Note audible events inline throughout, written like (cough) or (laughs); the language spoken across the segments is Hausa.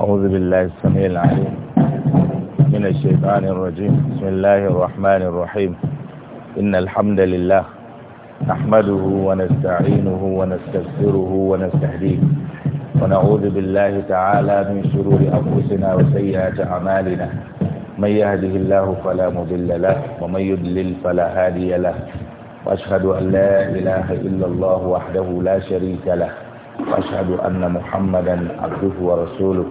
أعوذ بالله السميع العليم من الشيطان الرجيم بسم الله الرحمن الرحيم إن الحمد لله نحمده ونستعينه ونستغفره ونستهديه ونعوذ بالله تعالى من شرور أنفسنا وسيئات أعمالنا من يهده الله فلا مضل له ومن يضلل فلا هادي له وأشهد أن لا إله إلا الله وحده لا شريك له وأشهد أن محمدا عبده ورسوله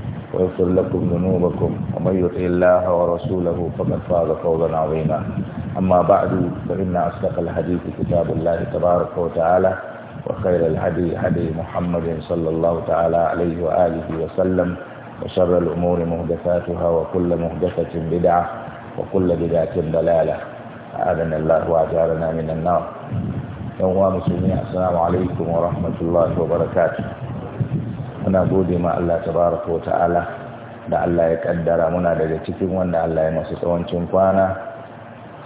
ويغفر لكم ذنوبكم ومن يطع الله ورسوله فقد فاز فوزا عظيما أما بعد فإن أصدق الحديث كتاب الله تبارك وتعالى وخير الهدي هدي محمد صلى الله تعالى عليه وآله وسلم وشر الأمور محدثاتها وكل محدثه بدعة وكل بدعة ضلالة أعاذنا الله واجعلنا من النار يوم السلام عليكم ورحمة الله وبركاته muna gode ma Allah tabaraka wa ta'ala da Allah ya kaddara muna daga cikin wanda Allah ya masu tsawancin kwana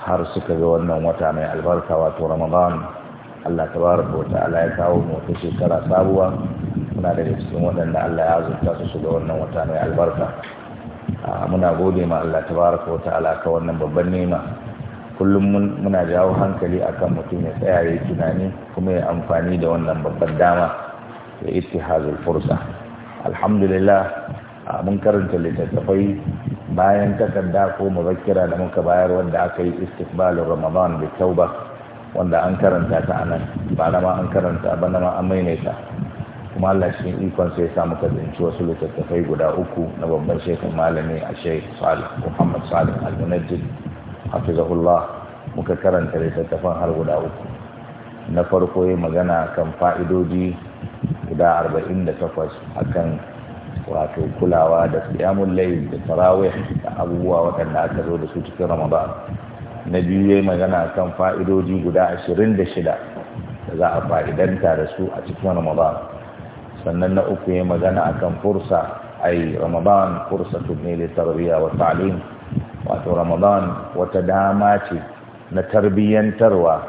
har suka ga wannan wata mai albarka wato Ramadan Allah tabaraka wa ta'ala ya kawo mu ta shekara sabuwa muna daga cikin waɗanda Allah ya azurta su shiga wannan wata mai albarka muna gode ma Allah tabaraka wa ta'ala ka wannan babban nema kullum muna jawo hankali akan mutum ya tsaya ya tunani kuma ya amfani da wannan babban dama da ittihadul fursa alhamdulillah mun karanta littattafai bayan takarda ko muzakkira da muka bayar wanda aka yi istiqbalin ramadan da kyau ba wanda an karanta ta anan ba na ma an karanta ba na ma an maimaita kuma Allah shi ikon sai sa muka zinci wasu littattafai guda uku na babban shekar malami a sheikh salih muhammad salih al-munajjid hafizahullah muka karanta littattafan har guda uku na farko yi magana kan fa'idoji guda arba'in 48 akan wato kulawa da siyamun layi da tarawih da abubuwa waɗanda aka zo da su cikin ramadan na biyu ya yi magana kan fa'idoji guda ashirin da shida za a fa'idanta da su a cikin ramadan sannan na uku ya yi magana akan fursa ai ramadan fursa ne da tarbiyya wa ta'lim wato ramadan wata dama ce na tarbiyyantarwa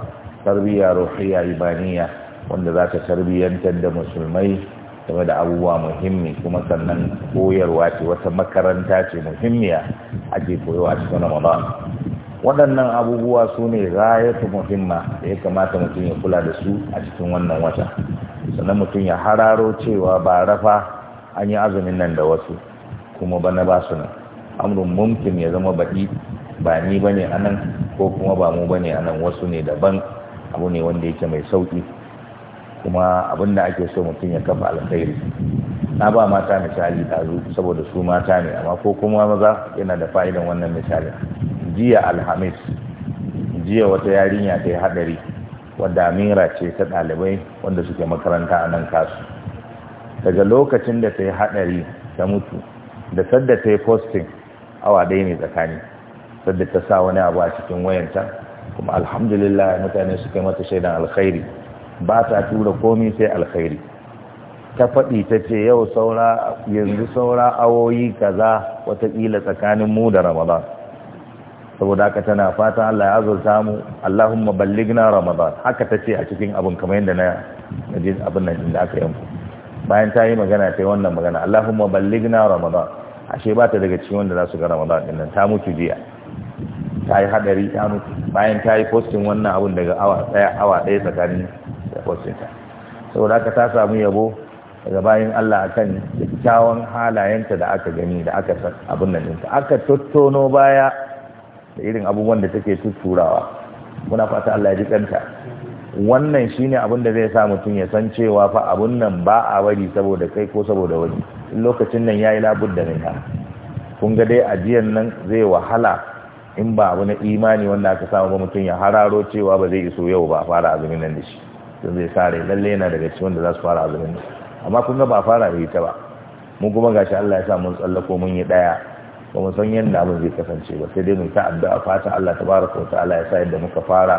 tarbiyya ruhiyya ibaniya wanda za ka tarbiyyantar da musulmai game da abubuwa muhimmi kuma sannan koyarwa ce wata makaranta ce muhimmiya ake koyo a cikin ramadan waɗannan abubuwa su ne rayatu muhimma da ya kamata mutum ya kula da su a cikin wannan wata sannan mutum ya hararo cewa ba rafa an yi azumin nan da wasu kuma bana ba su nan amurin mumkin ya zama baɗi ba ni ba a anan ko kuma ba mu bane anan wasu ne daban abu ne wanda yake mai sauƙi. kuma abinda ake so mutum ya kafa alkhairi na ba mata misali zu saboda su mata ne amma ko kuma maza yana da fa'idan wannan misali jiya alhamis jiya wata yarinya ta yi hadari wadda amira ce ta ɗalibai wanda suke makaranta a nan kasu daga lokacin da ta yi hadari ta mutu da sadda ta yi posting awa ɗaya ne tsakani sadda ta sa wani abu a cikin wayanta kuma alhamdulillah mutane suke mata shaidan alkhairi ba ta tura komi sai alkhairi ta faɗi ta ce yau saura yanzu saura awoyi kaza watakila tsakanin mu da ramadan saboda haka tana fata Allah ya azurta mu Allahumma balligna ramadan haka ta ce a cikin abin kamar yadda na ji abin nan inda aka yanku bayan ta yi magana ta yi wannan magana Allahumma balligna ramadan ashe ba ta daga cikin wanda za su ga ramadan din nan ta mutu jiya ta yi hadari ta mutu bayan ta yi postin wannan abun daga awa daya awa daya tsakanin da kwacinta saboda aka ta samu yabo daga bayan Allah akan kyakkyawan halayenta da aka gani da aka san abin nan ɗinta aka tottono baya da irin abubuwan da take tutturawa muna fata Allah ya ji kanta wannan shine abin da zai sa mutum ya san cewa fa abun nan ba a wari saboda kai ko saboda wani lokacin nan yayi labud da ha kun ga dai ajiyan nan zai wahala in ba na imani wanda aka samu ba mutum ya hararo cewa ba zai iso yau ba fara azumin nan da shi mutum zai sare lalle yana daga cikin wanda za su fara azumin amma kun ga ba fara da ita ba mu kuma shi Allah ya sa mun tsallako mun yi daya ba mu san yadda abin zai kasance ba sai dai mu ta addu'a fata Allah ta tabaraka wa ta'ala ya sa yadda muka fara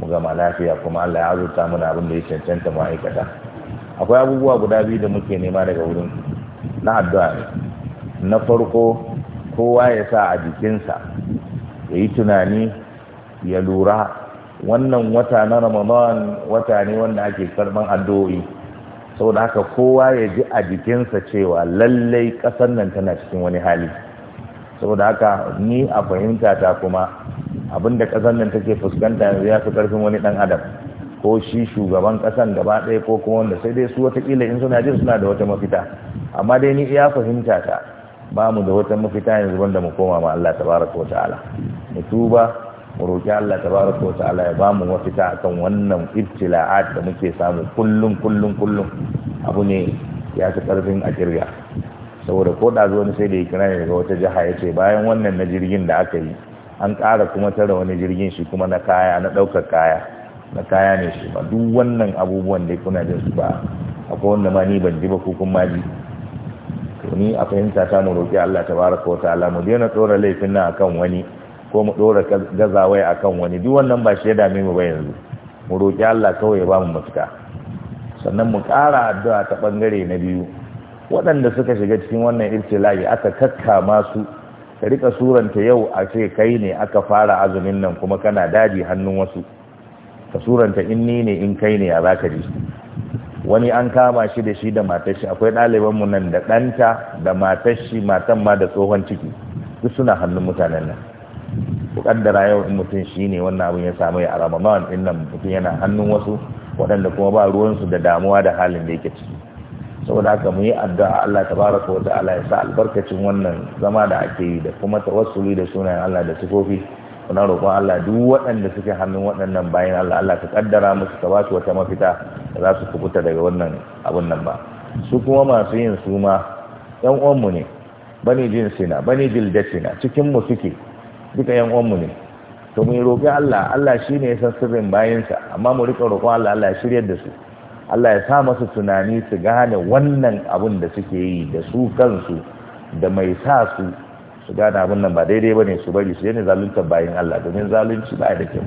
mu gama lafiya kuma Allah ya azurta mana abin da ya cancanta mu aikata akwai abubuwa guda biyu da muke nema daga wurin na addu'a ne na farko kowa ya sa a jikinsa ya yi tunani ya lura wannan wata na ramadan wata ne wanda ake karban addu'o'i saboda haka kowa ya ji a jikinsa cewa lallai ƙasar nan tana cikin wani hali saboda haka ni a fahimta ta kuma abinda ƙasar nan take fuskanta yanzu ya fi ƙarfin wani ɗan adam ko shi shugaban ƙasar gaba ɗaya ko kuma wanda sai dai su watakila in suna jin suna da wata mafita amma dai ni ya fahimta ta ba mu da wata mafita yanzu wanda mu koma ma Allah tabaraka wa ta'ala mu tuba mu roki Allah tabaraka wa ta'ala ya ba mu mafita akan wannan ibtila'at da muke samu kullum kullum kullum abu ne ya ci karfin a kirga saboda ko da zuwa sai da ya kira ne daga wata jiha ya ce bayan wannan na jirgin da aka yi an ƙara kuma tara wani jirgin shi kuma na kaya na ɗaukar kaya na kaya ne shi ba duk wannan abubuwan da kuna jin su ba akwai wanda ma ni ban ji ba ko kun ma ji to ni a fahimta ta mu roƙi Allah tabaraka wa ta'ala mu daina tsora laifin nan akan wani ko mu ɗora gazawai akan wani duk wannan ba shi ya dame mu ba yanzu mu roƙi Allah kawai ya ba mu mafita sannan mu ƙara addu'a ta ɓangare na biyu waɗanda suka shiga cikin wannan irtilahi aka kakka su ka rika suranta yau a ce kai ne aka fara azumin nan kuma kana daji hannun wasu ka suranta in ni ne in kai ne a zaka ji wani an kama shi da shi da matar shi akwai ɗaliban mu nan da ɗanta da matar shi matan ma da tsohon ciki duk suna hannun mutanen nan kaddara yau in mutum shine wannan abin ya samu ya a ramadan din mutum yana hannun wasu waɗanda kuma ba ruwansu da damuwa da halin da yake ciki saboda haka mu yi addu'a Allah tabaraka wa ta'ala ya sa albarkacin wannan zama da ake yi da kuma tawassuli da sunayen Allah da sifofi muna roƙon Allah duk waɗanda suke hannun waɗannan bayan Allah Allah ka kaddara musu ka ba su wata mafita da za su kubuta daga wannan abun nan ba su kuma masu yin suma ma ƴan uwanmu ne bani jinsina bani jildatina cikin mu suke duka yan uwanmu ne to mu roƙi Allah Allah shi ne ya san sirrin bayansa amma mu rika roƙon Allah Allah ya shiryar da su Allah ya sa masu tunani su gane wannan abun da suke yi da su kansu da mai sa su su gane abun nan ba daidai ba ne su bari su yana zalunta bayan Allah domin zalunci ba da kyau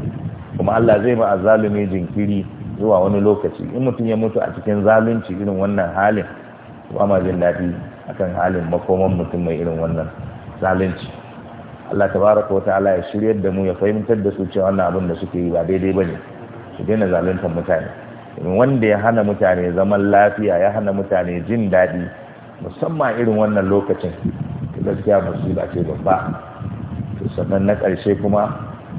kuma Allah zai ba a zalumi jinkiri zuwa wani lokaci in mutum ya mutu a cikin zalunci irin wannan halin ba ma jin daɗi akan halin makoman mutum mai irin wannan zalunci Allah tabaraka wa ta'ala ya shiryar da mu ya fahimtar da su cewa wannan abin da suke yi ba daidai ba ne su daina zaluntar mutane wanda ya hana mutane zaman lafiya ya hana mutane jin daɗi musamman irin wannan lokacin gaskiya musiba ce babba to sannan na ƙarshe kuma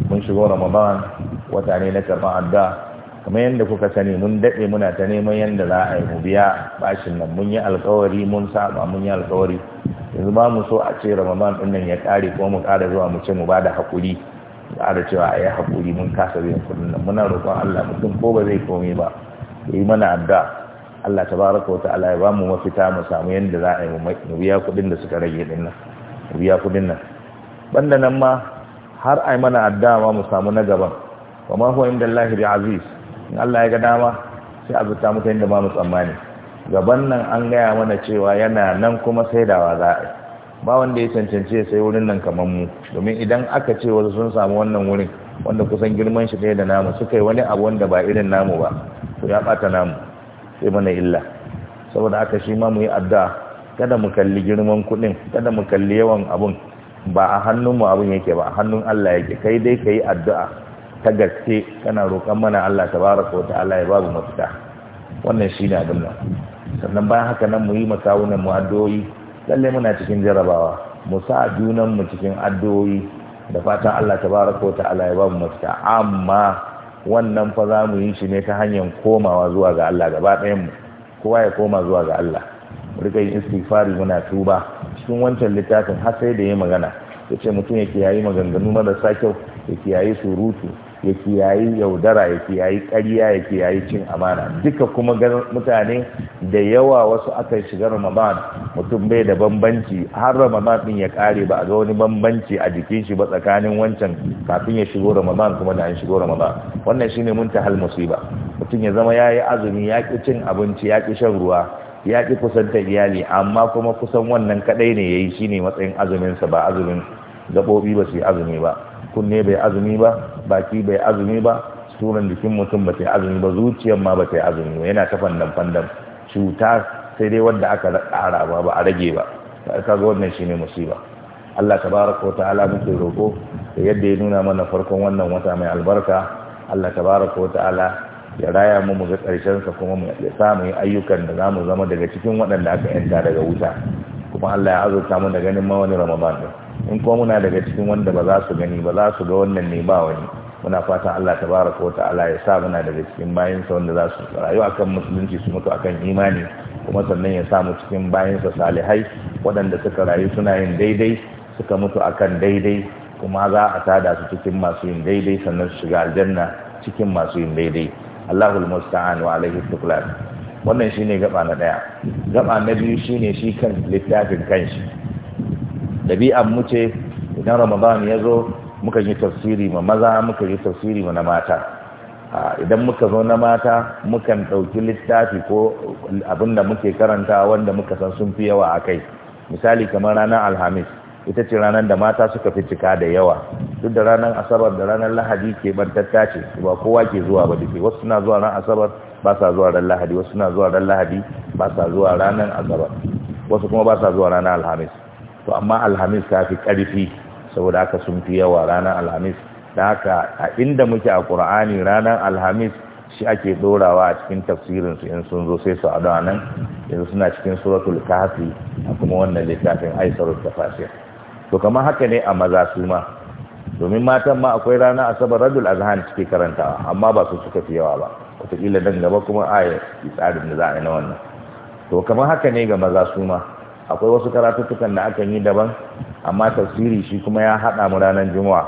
mun shigo ramadan wata ne na karɓar addu'a kamar yadda kuka sani mun daɗe muna ta neman yadda za a yi mu biya bashin nan mun yi alkawari mun saba mun yi alkawari yanzu ba mu so a ce ramadan ɗin nan ya ƙare ko mu ƙara zuwa mu ce mu ba da haƙuri ƙara cewa a yi haƙuri mun kasa biyan kuɗin nan muna roƙon allah mutum ko ba zai komai ba ya yi mana adda allah ta tabaraka wa ta'ala ya ba mu mafita mu samu yadda za a yi mu biya kuɗin da suka rage ɗin nan mu biya kuɗin nan banda nan ma har a yi mana adda ma mu samu na gaban wa ma huwa inda aziz in Allah ya ga dama sai a zuta muka inda ba mu tsammani gaban nan an gaya mana cewa yana nan kuma saidawa za a ba wanda ya cancanci ya sai wurin nan kamar mu domin idan aka ce wasu sun samu wannan wurin wanda kusan girman shi ɗaya da namu suka yi wani abu wanda ba irin namu ba to ya ɓata namu sai mana illa saboda aka shi ma mu yi addu'a kada mu kalli girman kuɗin kada mu kalli yawan abun ba a hannunmu abun yake ba a hannun Allah yake kai dai ka yi addu'a ta gaske kana roƙon mana Allah tabaraka wa ta'ala ya mafita wannan shi na abin sannan bayan haka nan mu yi makawunan mu addu'o'i lalle muna cikin jarabawa mu sa junan mu cikin addu'o'i da fatan Allah tabaraka wa ta'ala ya babu mafita amma wannan fa za mu yi shi ne ta hanyar komawa zuwa ga Allah gaba ɗayan mu kowa ya koma zuwa ga Allah mu rika yin istighfari muna tuba cikin wancan littafin har sai da ya magana yace mutum ya kiyayi maganganu marasa kyau ya kiyayi surutu ya kiyayi yaudara ya kiyayi ƙarya ya kiyayi cin amana duka kuma mutane da yawa wasu aka shiga ramadan mutum bai da bambanci har ramadan din ya kare ba a ga wani bambanci a jikin shi ba tsakanin wancan kafin ya shigo ramadan kuma da an shigo ramadan wannan shine mun ta hal musiba mutum ya zama yayi azumi ya ki cin abinci ya ki shan ruwa ya ki kusantar iyali amma kuma kusan wannan kadai ne yayi shine matsayin azumin sa ba azumin gabobi ba su yi azumi ba kunne bai azumi ba baki bai azumi ba suran jikin mutum ba ta yi azumi ba zuciyar ma ba ta yi azumi ba yana ta fandan fandan cuta sai dai wadda aka ƙara ba ba a rage ba ka ga wannan shine musiba Allah tabaraka wa ta'ala muke roko da yadda ya nuna mana farkon wannan wata mai albarka Allah tabaraka wa ta'ala ya raya mu mu ga karshen sa kuma ya samu ayyukan da zamu zama daga cikin waɗanda aka yanta daga wuta kuma Allah ya azurta mu da ganin ma wani Ramadan in kuma muna daga cikin wanda ba za su gani ba za su ga wannan ne ba wani muna fatan Allah ta baraka wa ta'ala ya sa muna daga cikin sa wanda za su rayu akan musulunci su mutu akan imani kuma sannan ya samu cikin bayansa salihai waɗanda suka rayu suna yin daidai suka mutu akan daidai kuma za a tada su cikin masu yin daidai sannan su shiga aljanna cikin masu yin daidai Allahul musta'an wa alaihi wannan shine gaba na daya gaba na biyu shine shi kan littafin kanshi ɗabi'an mu ce idan ramadan ya zo muka yi tafsiri ma maza muka yi tafsiri ma na mata idan muka zo na mata mukan ɗauki littafi ko abin da muke karanta wanda muka san sun fi yawa a kai misali kamar ranar alhamis ita ce ranar da mata suka fi cika da yawa duk da ranar asabar da ranar lahadi ke bantatta ce ba kowa ke zuwa ba duke wasu suna zuwa ran asabar ba sa zuwa ran lahadi wasu suna zuwa ran lahadi ba sa zuwa ranar asabar wasu kuma ba sa zuwa ranar alhamis to amma alhamis ta fi ƙarfi saboda haka sun fi yawa ranar alhamis da haka a inda muke a ƙur'ani ranar alhamis shi ake dorawa a cikin tafsirinsu in sun zo sai su a nan yanzu suna cikin suratul kafi a kuma wannan littafin aisarul tafasir to kamar haka ne a maza su ma domin matan ma akwai ranar asabar radul azhan suke karantawa amma ba su suka fi yawa ba wataƙila dan gaba kuma aya tsarin da za a yi na wannan to kamar haka ne ga maza su ma akwai wasu karatuttukan da aka yi daban amma tafsiri shi kuma ya haɗa mu ranar juma'a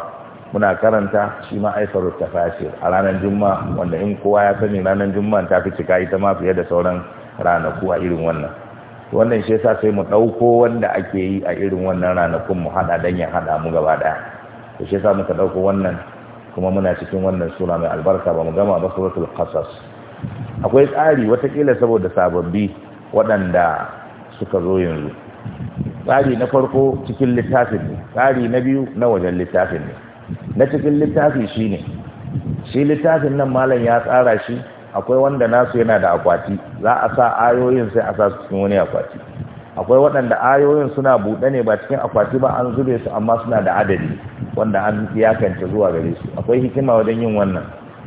muna karanta shi ma aisarut tafasir a ranar juma'a wanda in kowa ya sani ranar juma'a ta fi cika ita ma fiye da sauran ranaku a irin wannan wannan shi yasa sai mu ɗauko wanda ake yi a irin wannan ranakun mu haɗa dan ya hada mu gaba ɗaya to shi yasa muka ɗauko wannan kuma muna cikin wannan sura mai albarka ba mu gama ba suratul qasas akwai tsari kila saboda sababbi waɗanda suka zo yanzu tsari na farko cikin littafin ne tsari na biyu na wajen littafin ne na cikin littafi shi ne shi littafin nan malam ya tsara shi akwai wanda nasu yana da akwati za a sa ayoyin sai a sa su cikin wani akwati akwai waɗanda ayoyin suna buɗe ne ba cikin akwati ba an zube su amma suna da adadi wanda an iyakance zuwa gare su akwai hikima wajen yin wannan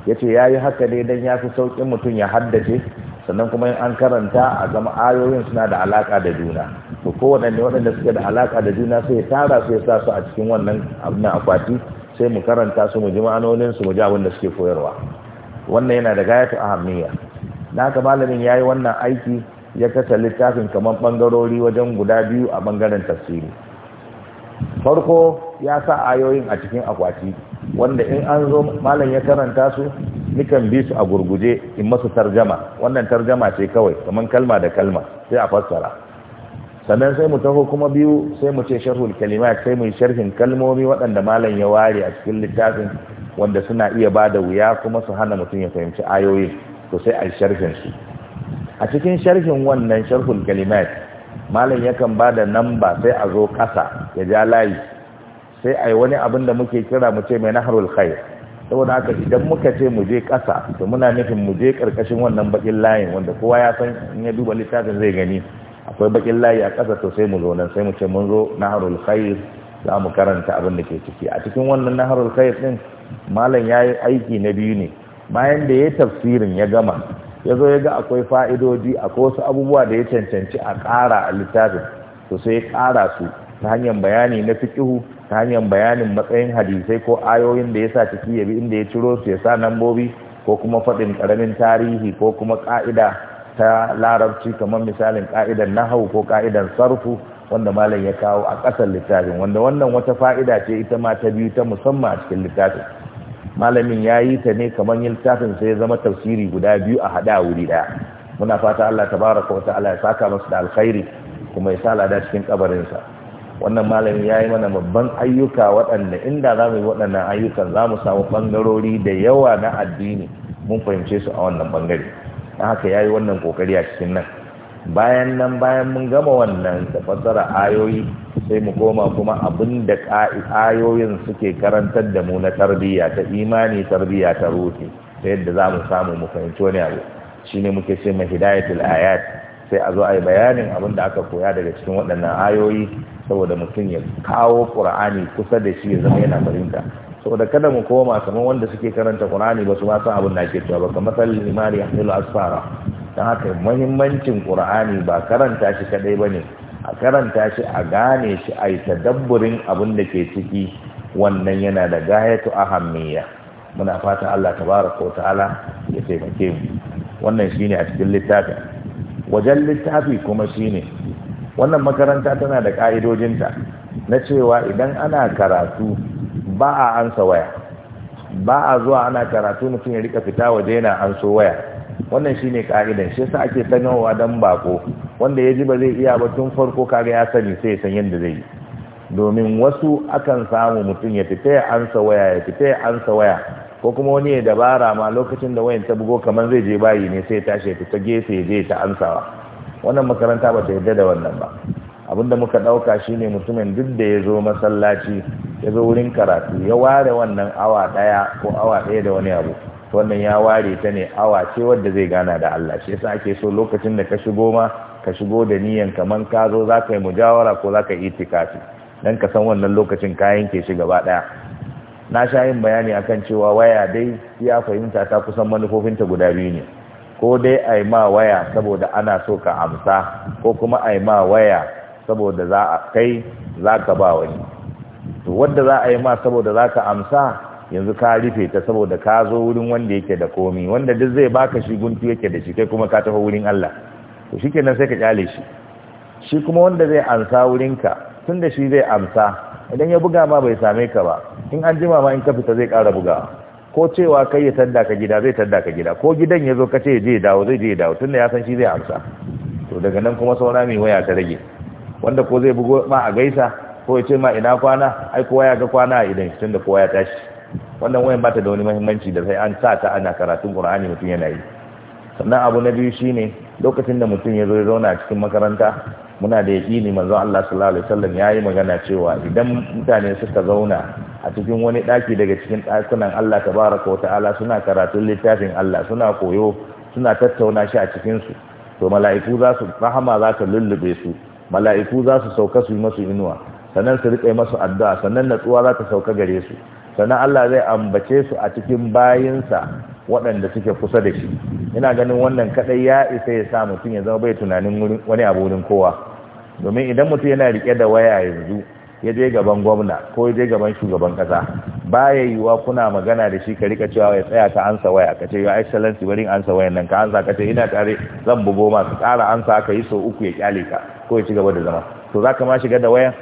yace yayi haka dai dan ya fi sauƙin mutum ya haddace sannan kuma in an karanta a zama ayoyin suna da alaka da juna to kowanne waɗanda suke da alaka da juna sai tara sai sa su a cikin wannan abin akwati sai mu karanta su mu ji ma'anonin su mu ji abin da suke koyarwa wannan yana da gayatu ahammiya na Naka malamin ya yi wannan aiki ya kasa littafin kamar bangarori wajen guda biyu a bangaren tafsiri farko ya sa ayoyin a cikin akwati wanda in an zo malam ya karanta su nikan bi su a gurguje in masu tarjama wannan tarjama ce kawai kamar kalma da kalma sai a fassara sannan sai mu taho kuma biyu sai mu ce sharhul kalima sai mu yi sharhin kalmomi waɗanda malam ya ware a cikin littafin wanda suna iya ba da wuya kuma su hana mutum ya fahimci ayoyin to sai a sharhin su a cikin sharhin wannan sharhul kalimat malam yakan ba da namba sai a zo kasa ya ja layi sai a yi wani abin da muke kira mu ce mai naharul khair saboda haka idan muka ce mu je ƙasa to muna nufin mu je ƙarƙashin wannan bakin layin wanda kowa ya san in ya duba littafin zai gani akwai bakin layi a kasa to sai mu zo nan sai mu ce mun zo naharul khair za mu karanta abin da ke ciki a cikin wannan naharul khair din malam ya yi aiki na biyu ne bayan da ya tafsirin ya gama ya zo ya ga akwai fa'idodi akwai wasu abubuwa da ya cancanci a ƙara a littafin to sai ya ƙara su ta hanyar bayani na fikihu ta hanyar bayanin matsayin hadisai ko ayoyin da ya sa ciki ya bi inda ya ciro su ya sa nambobi ko kuma faɗin ƙaramin tarihi ko kuma ƙa'ida ta larabci kamar misalin ƙa'idar nahau ko ƙa'idar sarfu wanda malam ya kawo a ƙasar littafin wanda wannan wata fa'ida ce ita ma ta biyu ta musamman a cikin littafin malamin ya yi ta ne kamar yin littafin sai ya zama tafsiri guda biyu a hada wuri ɗaya. muna fata Allah ta tabaraka ta'ala ya saka masu da alkhairi kuma ya sa lada cikin kabarinsa wannan malamin ya yi mana babban ayyuka waɗanda inda za mu yi waɗannan ayyukan za mu samu ɓangarori da yawa na addini mun fahimce su a wannan ɓangare don haka ya yi wannan ƙoƙari a cikin nan bayan nan bayan mun gama wannan da fassara ayoyi sai mu koma kuma abin da ayoyin suke karantar da mu na tarbiyya ta imani tarbiyya ta ruhi ta yadda za mu samu mu fahimci wani abu shi ne muke ce ma hidayatul ayat sai a zo a yi bayanin abin da aka koya daga cikin waɗannan ayoyi saboda mutum ya kawo ƙur'ani kusa da shi ya zama yana fahimta saboda kada mu koma kamar wanda suke karanta ƙur'ani ba su ma san abin da ake cewa ba kamar sallin imani asfara dan haka muhimmancin ƙur'ani ba karanta shi kadai ne. a karanta shi a gane shi a yi tadabburin abin da ke ciki wannan yana da gayatu ahammiya muna fata Allah tabaraka ta'ala ya taimake mu wannan shine a cikin littafi. wajen littafi kuma shine wannan makaranta tana da ka'idojinta na cewa idan ana karatu ba a ansa waya ba a zuwa ana karatu mutum ya rika fita waje yana anso waya wannan shine ka'idan shi yasa ake sanarwa dan bako wanda ya ji ba zai iya ba tun farko kaga ya sani sai ya san yadda zai yi domin wasu akan samu mutum ya fita ya ansa waya ya fita ya ansa waya ko kuma wani ya dabara ma lokacin da wayan ta bugo kamar zai je bayi ne sai ya tashi ya fita gefe ya je ta ansawa wannan makaranta ba ta yadda da wannan ba abin da muka ɗauka shine mutumin duk da ya zo masallaci ya zo wurin karatu ya ware wannan awa daya ko awa ɗaya da wani abu wannan ya ware ta ne awa ce wadda zai gana da Allah shi yasa ake so lokacin da ka shigo ma ka shigo da niyan kaman ka zo za ka yi mujawara ko za ka yi itikafi dan ka san wannan lokacin kayan ke shi gaba daya na sha yin bayani akan cewa waya dai ya fahimta ta kusan manufofin ta guda biyu ne ko dai a ma waya saboda ana so ka amsa ko kuma a ma waya saboda za a kai za ka ba wani wadda za a yi ma saboda za ka amsa yanzu ka rufe ta saboda ka zo wurin wanda yake da komi wanda duk zai baka shi guntu yake da shi kai kuma ka tafi wurin Allah to shikenan sai ka kyale shi shi kuma wanda zai amsa wurinka tunda shi zai amsa idan ya buga ma bai same ka ba in an jima ma in ka fita zai ƙara buga. ko cewa kai ya tadda ka gida zai tadda ka gida ko gidan ya zo ka ce je dawo zai je dawo tunda ya san shi zai amsa to daga nan kuma saura mai waya ta rage wanda ko zai bugo ma a gaisa ko ya ce ma ina kwana ai kowa ya ga kwana a idan shi tunda kowa ya tashi wannan wayan ba ta da wani mahimmanci da sai an sa ta ana karatun qur'ani mutum yana yi sannan abu na biyu shine lokacin da mutum ya zo ya zauna a cikin makaranta muna da ne manzon Allah sallallahu alaihi wasallam yayi magana cewa idan mutane suka zauna a cikin wani daki daga cikin dakunan Allah tabaaraka wa ta'ala suna karatun littafin Allah suna koyo suna tattauna shi a cikin su to mala'iku za su rahama za ta lullube su mala'iku za su sauka su yi masu inuwa sannan su riƙe masu addu'a sannan natsuwa za ta sauka gare su sannan Allah zai ambace su a cikin bayinsa waɗanda suke kusa da shi ina ganin wannan kaɗai ya isa ya sa mutum ya zama bai tunanin wani abu wurin kowa domin idan mutum yana riƙe da waya yanzu ya je gaban gwamna ko ya je gaban shugaban kasa baya yiwuwa kuna magana da shi ka rika cewa ya tsaya ka ansa waya ka ce ya excellency bari ansa waya nan ka ansa ka ce ina tare zan bugo masu ƙara ansa ka yi sau uku ya kyale ka ko ya ci gaba da zama to ka ma shiga da wayan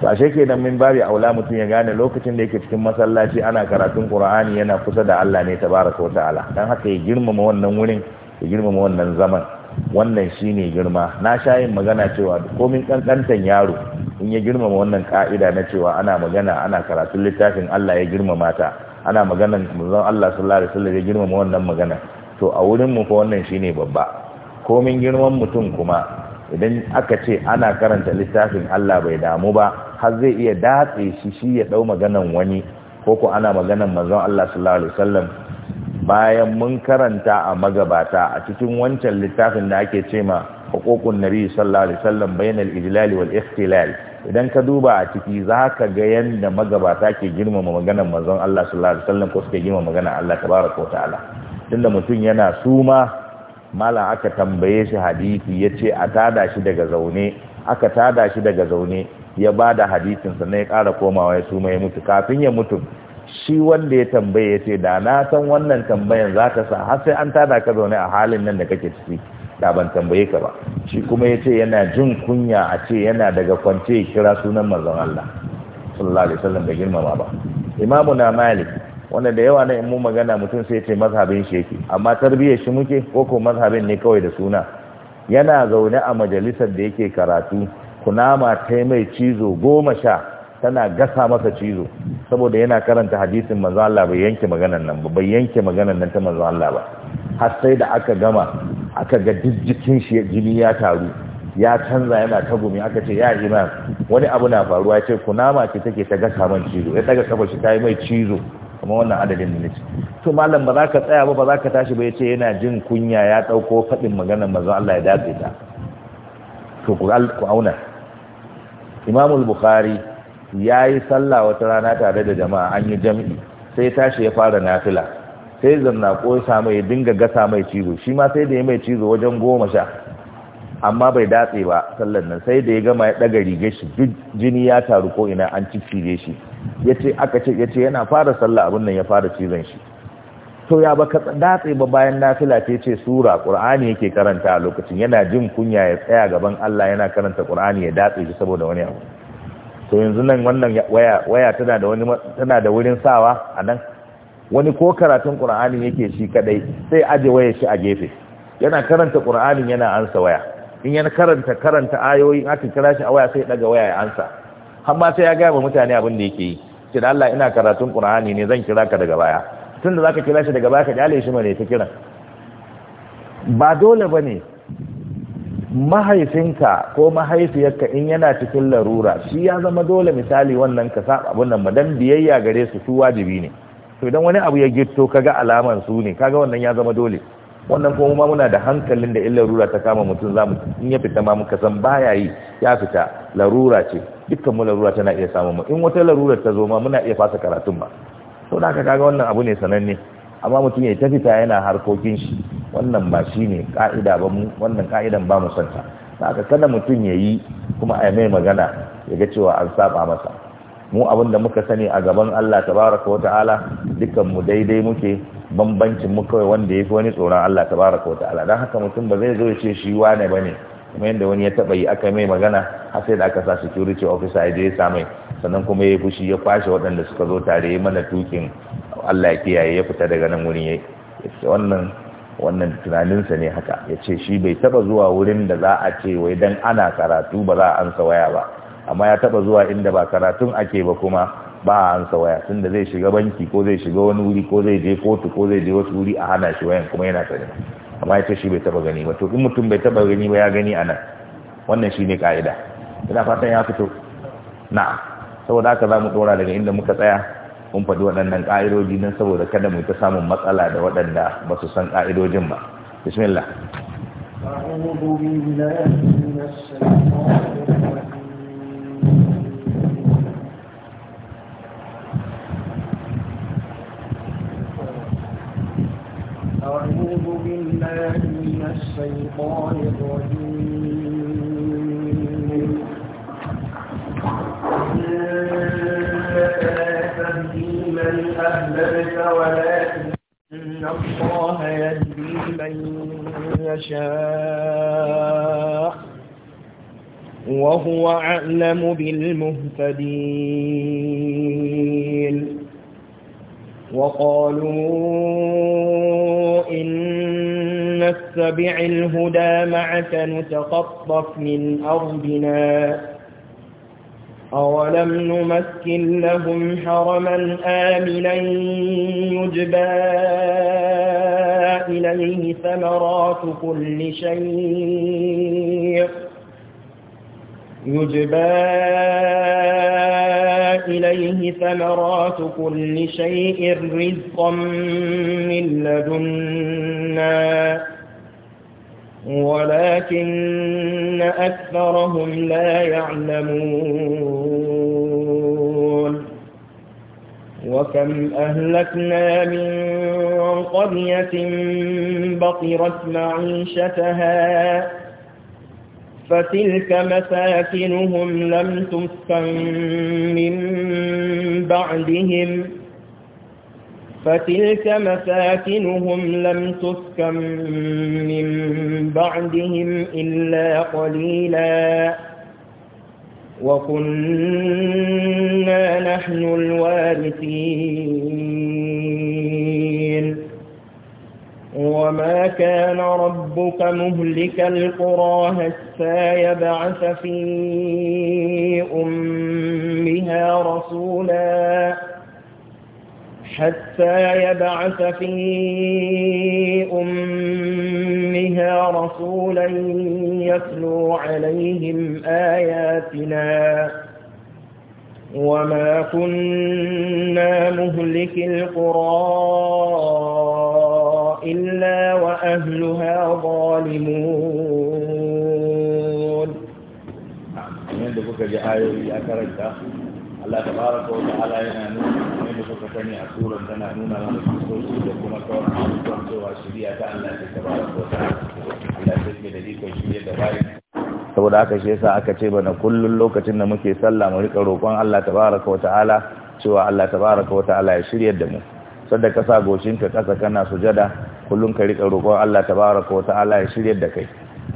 to ashe kenan min babi aula mutum ya gane lokacin da yake cikin masallaci ana karatun qur'ani yana kusa da Allah ne tabaraka ta'ala dan haka ya girmama wannan wurin ya girmama wannan zaman wannan shine girma na sha yin magana cewa komin kankantan yaro in ya girmama wannan ka'ida na cewa ana magana ana karatun littafin Allah ya girmama ta ana magana manzon Allah sallallahu alaihi wasallam ya girmama wannan magana to a wurin mu fa wannan shine babba komin girman mutum kuma idan aka ce ana karanta littafin Allah bai damu ba har zai iya datse shi shi ya dau maganan wani ko ko ana maganan manzon Allah sallallahu alaihi wasallam bayan mun karanta a magabata a cikin wancan littafin da ake cema hukukun nabi sallallahu alaihi wasallam bainal ijlal wal ikhtilal idan ka duba a ciki zaka ga yanda magabata ke girmama maganan manzon Allah sallallahu alaihi wasallam ko suke girmama maganar Allah tabaraka ta'ala tunda mutum yana suma malam aka tambaye shi hadisi yace a tada shi daga zaune aka tada shi daga zaune ya ba da hadisin na ya kara komawa ya suma ya mutu kafin ya mutu shi wanda ya tambaye ya ce da na san wannan tambayan za ka sa har sai an tada ka zaune a halin nan da kake ciki da ban tambaye ka ba shi kuma ya ce yana jin kunya a ce yana daga kwance ya kira sunan manzon Allah sallallahu alaihi wasallam da girmama ba imamu na malik wanda da yawa na in mu magana mutum sai ya ce mazhabin shi yake amma tarbiyyar shi muke ko ko mazhabin ne kawai da suna yana zaune a majalisar da yake karatu kunama ta yi mai cizo goma sha tana gasa masa cizo saboda yana karanta hadisin manzo Allah bai yanke maganar nan ba bai yanke maganar nan ta manzo Allah ba har sai da aka gama aka ga jijjikin shi jini ya taru ya canza yana ta aka ce ya imam wani abu na faruwa ya ce kunama ce take ta gasa man cizo ya daga saboda shi ta yi mai cizo kuma wannan adadin ne ce to Mallam ba za ka tsaya ba ba za ka tashi ba ya ce yana jin kunya ya ɗauko faɗin maganar manzo Allah ya dace ta to ku auna imamul bukhari ya yi sallah wata rana tare da jama'a an yi jam'i sai tashi ya fara nafila sai zanna ko ya samu ya dinga gasa mai cizo shi ma sai da ya mai cizo wajen goma sha amma bai datse ba sallan nan sai da ya gama ya daga rigar shi duk jini ya taru ko ina an ciccire shi yace aka ce yace yana fara sallah abin nan ya fara cizon shi sauya ba ka datse ba bayan nafila ce ce sura qur'ani yake karanta a lokacin yana jin kunya ya tsaya gaban Allah yana karanta qur'ani ya datse shi saboda wani abu to yanzu nan wannan waya waya tana da wani tana da wurin sawa a nan wani ko karatun qur'ani yake shi kadai sai aje waya shi a gefe yana karanta qur'ani yana ansa waya in yana karanta karanta ayoyi aka kira shi a waya sai daga waya ya ansa har ma sai ya ga mutane abin da yake yi ce da Allah ina karatun qur'ani ne zan kira ka daga baya tun da za ka kira shi daga baka ka shi mare ta kira ba dole ba ne mahaifinka ko mahaifiyarka in yana cikin larura shi ya zama dole misali wannan ka sa abun nan madan biyayya gare su su wajibi ne to idan wani abu ya gitto kaga alaman su ne kaga wannan ya zama dole wannan kuma ma muna da hankalin da in larura ta kama mutum zamu in ya fita ma muka san baya yi ya fita larura ce dukkan mu larura tana iya samu mu in wata larura ta zo ma muna iya fasa karatun ba sau da aka kaga wannan abu ne sananne amma mutum ya tafita yana harkokin shi wannan ba shi ne ka'ida ba mu wannan ka'idan ba mu santa da aka kada mutum ya yi kuma a mai magana ya ga cewa an saba masa mu abin da muka sani a gaban Allah tabaraka wa ta'ala dukan mu daidai muke bambancin mu kawai wanda yafi wani tsoron Allah tabaraka wa ta'ala dan haka mutum ba zai zo ya ce shi wane bane kuma yadda wani ya taba yi aka mai magana har sai da aka sa security officer ya je ya samai sannan kuma ya fushi ya kwashe waɗanda suka zo tare ya mana tukin Allah ya kiyaye ya fita daga nan wurin yayi wannan wannan tunaninsa ne haka ya ce shi bai taba zuwa wurin da za a ce wai dan ana karatu ba za a ansa waya ba amma ya taba zuwa inda ba karatun ake ba kuma ba a ansa waya tunda zai shiga banki ko zai shiga wani wuri ko zai je kotu ko zai je wasu wuri a hana shi wayan kuma yana tsare amma ya shi bai taba gani ba to in mutum bai taba gani ba ya gani a nan wannan shi ne ka'ida ina fatan ya fito na saboda haka za mu ɗora daga inda muka tsaya mun faɗi waɗannan ƙa'idoji don saboda kada mu ta samun matsala da waɗanda ba su san ƙa'idojin ba bismillah أعوذ بالله من الشيطان الرجيم أعوذ بالله من الشيطان الرجيم إنك لا تهدي من أهلك ولكن الله يهدي من يشاء وهو أعلم بالمهتدين وقالوا إن نتبع الهدى معك نتقطف من أرضنا أولم نمكن لهم حرما آمنا يجبى إليه ثمرات كل شيء يجبى إليه ثمرات كل شيء رزقا من لدنا ولكن أكثرهم لا يعلمون وكم أهلكنا من قرية بطرت معيشتها فتلك مساكنهم لم تسكن من بعدهم فتلك مساكنهم لم تسكن من بعدهم إلا قليلا وكنا نحن الوارثين كان ربك مهلك القرى هسا يبعث في أمها رسولا حتى يبعث في أمها رسولا يتلو عليهم آياتنا وما كنا مهلك القرى إلا وأهلها ظالمون yadda kuka ji ayoyi a karanta Allah ta fara ko ta ala yana nuna yadda kuka sani a suran tana nuna mana sosai da kuma sauran abubuwan cewa ta Allah Allah da shirya da saboda haka shi yasa aka ce bana kullun lokacin da muke sallah mu rika roƙon Allah tabaraka wa ta'ala cewa Allah tabaraka wa ta'ala ya shirya da mu sadda ka sa goshinka ƙasa kana sujada kullum ka rika roƙon Allah tabaraka wa ta'ala ya shirya da kai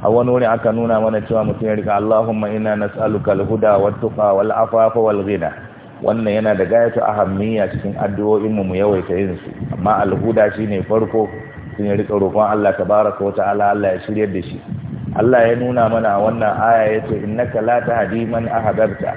a wani wuri aka nuna mana cewa mutum ya rika Allahumma inna nas'aluka al-huda wat-tuqa wal-afafa wal-ghina wannan yana da gayatu ahammiya cikin addu'o'in mu mu yawaita yin su amma al-huda shine farko Sun rika roƙon Allah tabaraka wa ta'ala Allah ya shirya da shi Allah ya nuna mana wannan aya yace innaka la tahdi man ahbabta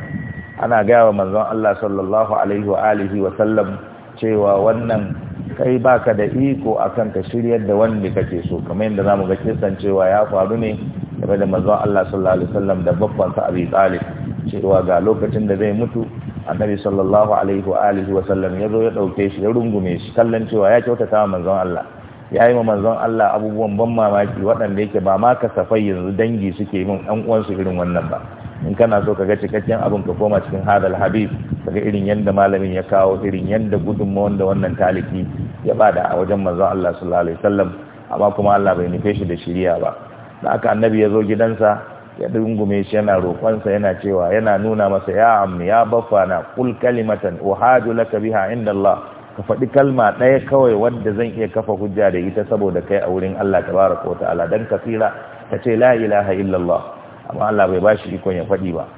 ana gaya wa manzon Allah sallallahu alaihi wa alihi wa sallam cewa wannan kai baka da iko akan ka shiryar da wanda kake so kamar yadda zamu ga kisan cewa ya faru ne game da manzo Allah sallallahu alaihi wasallam da babban sa Abi Talib cewa ga lokacin da zai mutu annabi sallallahu alaihi wa alihi wasallam ya zo ya dauke shi ya rungume shi kallon cewa ya kyautata manzon Allah ya yi ma manzon Allah abubuwan ban mamaki waɗanda yake ba ma kasafai yanzu dangi suke min ɗan uwansu irin wannan ba in kana so ka ga cikakken abin ka koma cikin hadal habib kaga irin yanda malamin ya kawo irin yadda gudunmawan da wannan taliki ya bada a wajen manzon Allah sallallahu alaihi wasallam amma kuma Allah bai nufe shi da shiriya ba da aka annabi ya zo gidansa ya dungume shi yana roƙonsa yana cewa yana nuna masa ya ammi ya baffa na kul kalimatan uhadu laka biha inda Allah ka faɗi kalma ɗaya kawai wadda zan iya kafa hujja da ita saboda kai a wurin Allah tabaraka wa ta'ala dan kasira ka ce la ilaha illallah amma Allah bai ba shi ikon ya faɗi ba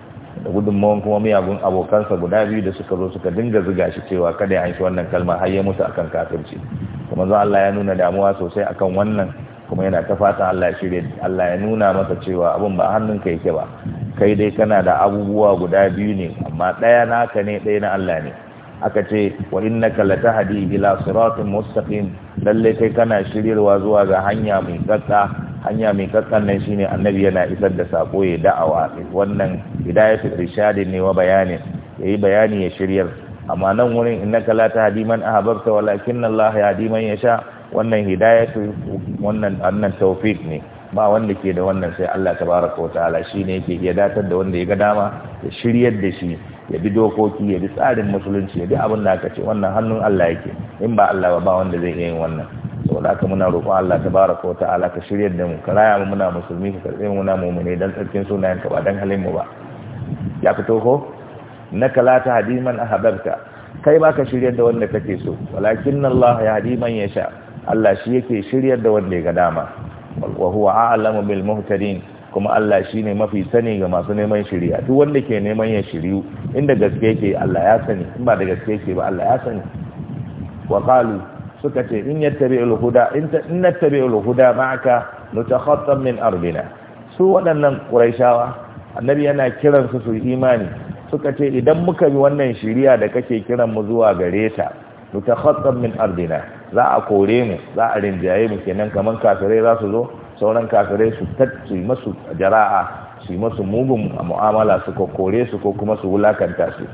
da gudunmawan kuma miyagun abokansa guda biyu da suka zo suka dinga ziga shi cewa kada ya anshi wannan kalmar har ya mutu akan kafirci kuma zan Allah ya nuna damuwa sosai akan wannan kuma yana ta fatan Allah ya shirye Allah ya nuna masa cewa abun ba hannunka yake ba kai dai kana da abubuwa guda biyu ne amma ɗaya naka ne ɗaya na Allah ne aka ce wa innaka latahdi ila siratin mustaqim lalle kai kana shiryarwa zuwa ga hanya mai tsatsa hanya mai tsatsan nan shine annabi yana isar da sako ya da'awa wannan hidayatu irshadin ne wa bayani yayi bayani ya shiryar amma nan wurin innaka la tahdi man ahbabta walakin Allah yahdi man yasha wannan hidayatu wannan annan tawfik ne ba wanda ke da wannan sai Allah tabaraka wa ta'ala shine yake iya datar da wanda ya ga dama ya shiryar da shi ya bi dokoki ya bi tsarin musulunci ya bi abin da aka ce wannan hannun Allah yake in ba Allah ba ba wanda zai iya yin wannan saboda haka muna roƙon Allah ta tabaraka wa ta'ala ka shiryar da mu ka raya mu muna musulmi ka karɓe mu muna mu'mini dan tsarkin sunayen ka ba dan halin mu ba ya fito ko na ta hadiman habarta kai ba ka shiryar da wanda kake so walakin Allah ya hadiman ya sha Allah shi yake shiryar da wanda ya ga dama wa huwa a'lamu bil muhtadin kuma Allah shi ne mafi sani ga masu neman shiriya duk wanda ke neman ya shiriyu inda gaske yake Allah ya sani in ba da gaske yake ba Allah ya sani wa qalu suka ce in yattabi'ul huda in nattabi'ul huda ma'aka nutakhattam min ardina su waɗannan quraishawa annabi yana kiran su su imani suka ce idan muka bi wannan shiriya da kake kiran mu zuwa gare ta nutakhattam min ardina za a kore mu za a rinjaye mu kenan kaman kafirai za su zo sauran kafirai su su masu jara'a su masu mugun mu'amala su ko kore su ko kuma su wulakanta su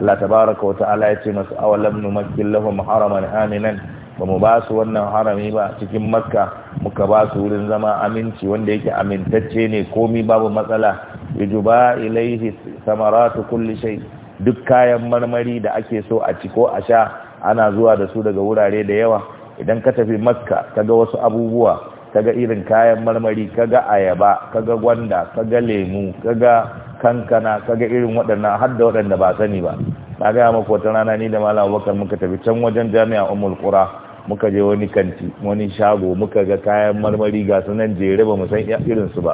Allah tabaraka wa ta'ala ya ce masu awalam numakkin lahum haraman aminan ba mu ba su wannan harami ba cikin makka muka ba su wurin zama aminci wanda yake amintacce ne komi babu matsala yujuba ilaihi samaratu kulli shay duk kayan marmari da ake so a ci ko a sha ana zuwa da su daga wurare da yawa idan ka tafi makka ga wasu abubuwa kaga irin kayan marmari kaga ayaba kaga gwanda kaga lemu kaga kankana kaga irin waɗannan har da waɗanda ba sani ba na gaya maka wata rana ni da malam abubakar muka tafi can wajen jami'a umul qura muka je wani kanti wani shago muka ga kayan marmari ga su nan jere ba mu san irin su ba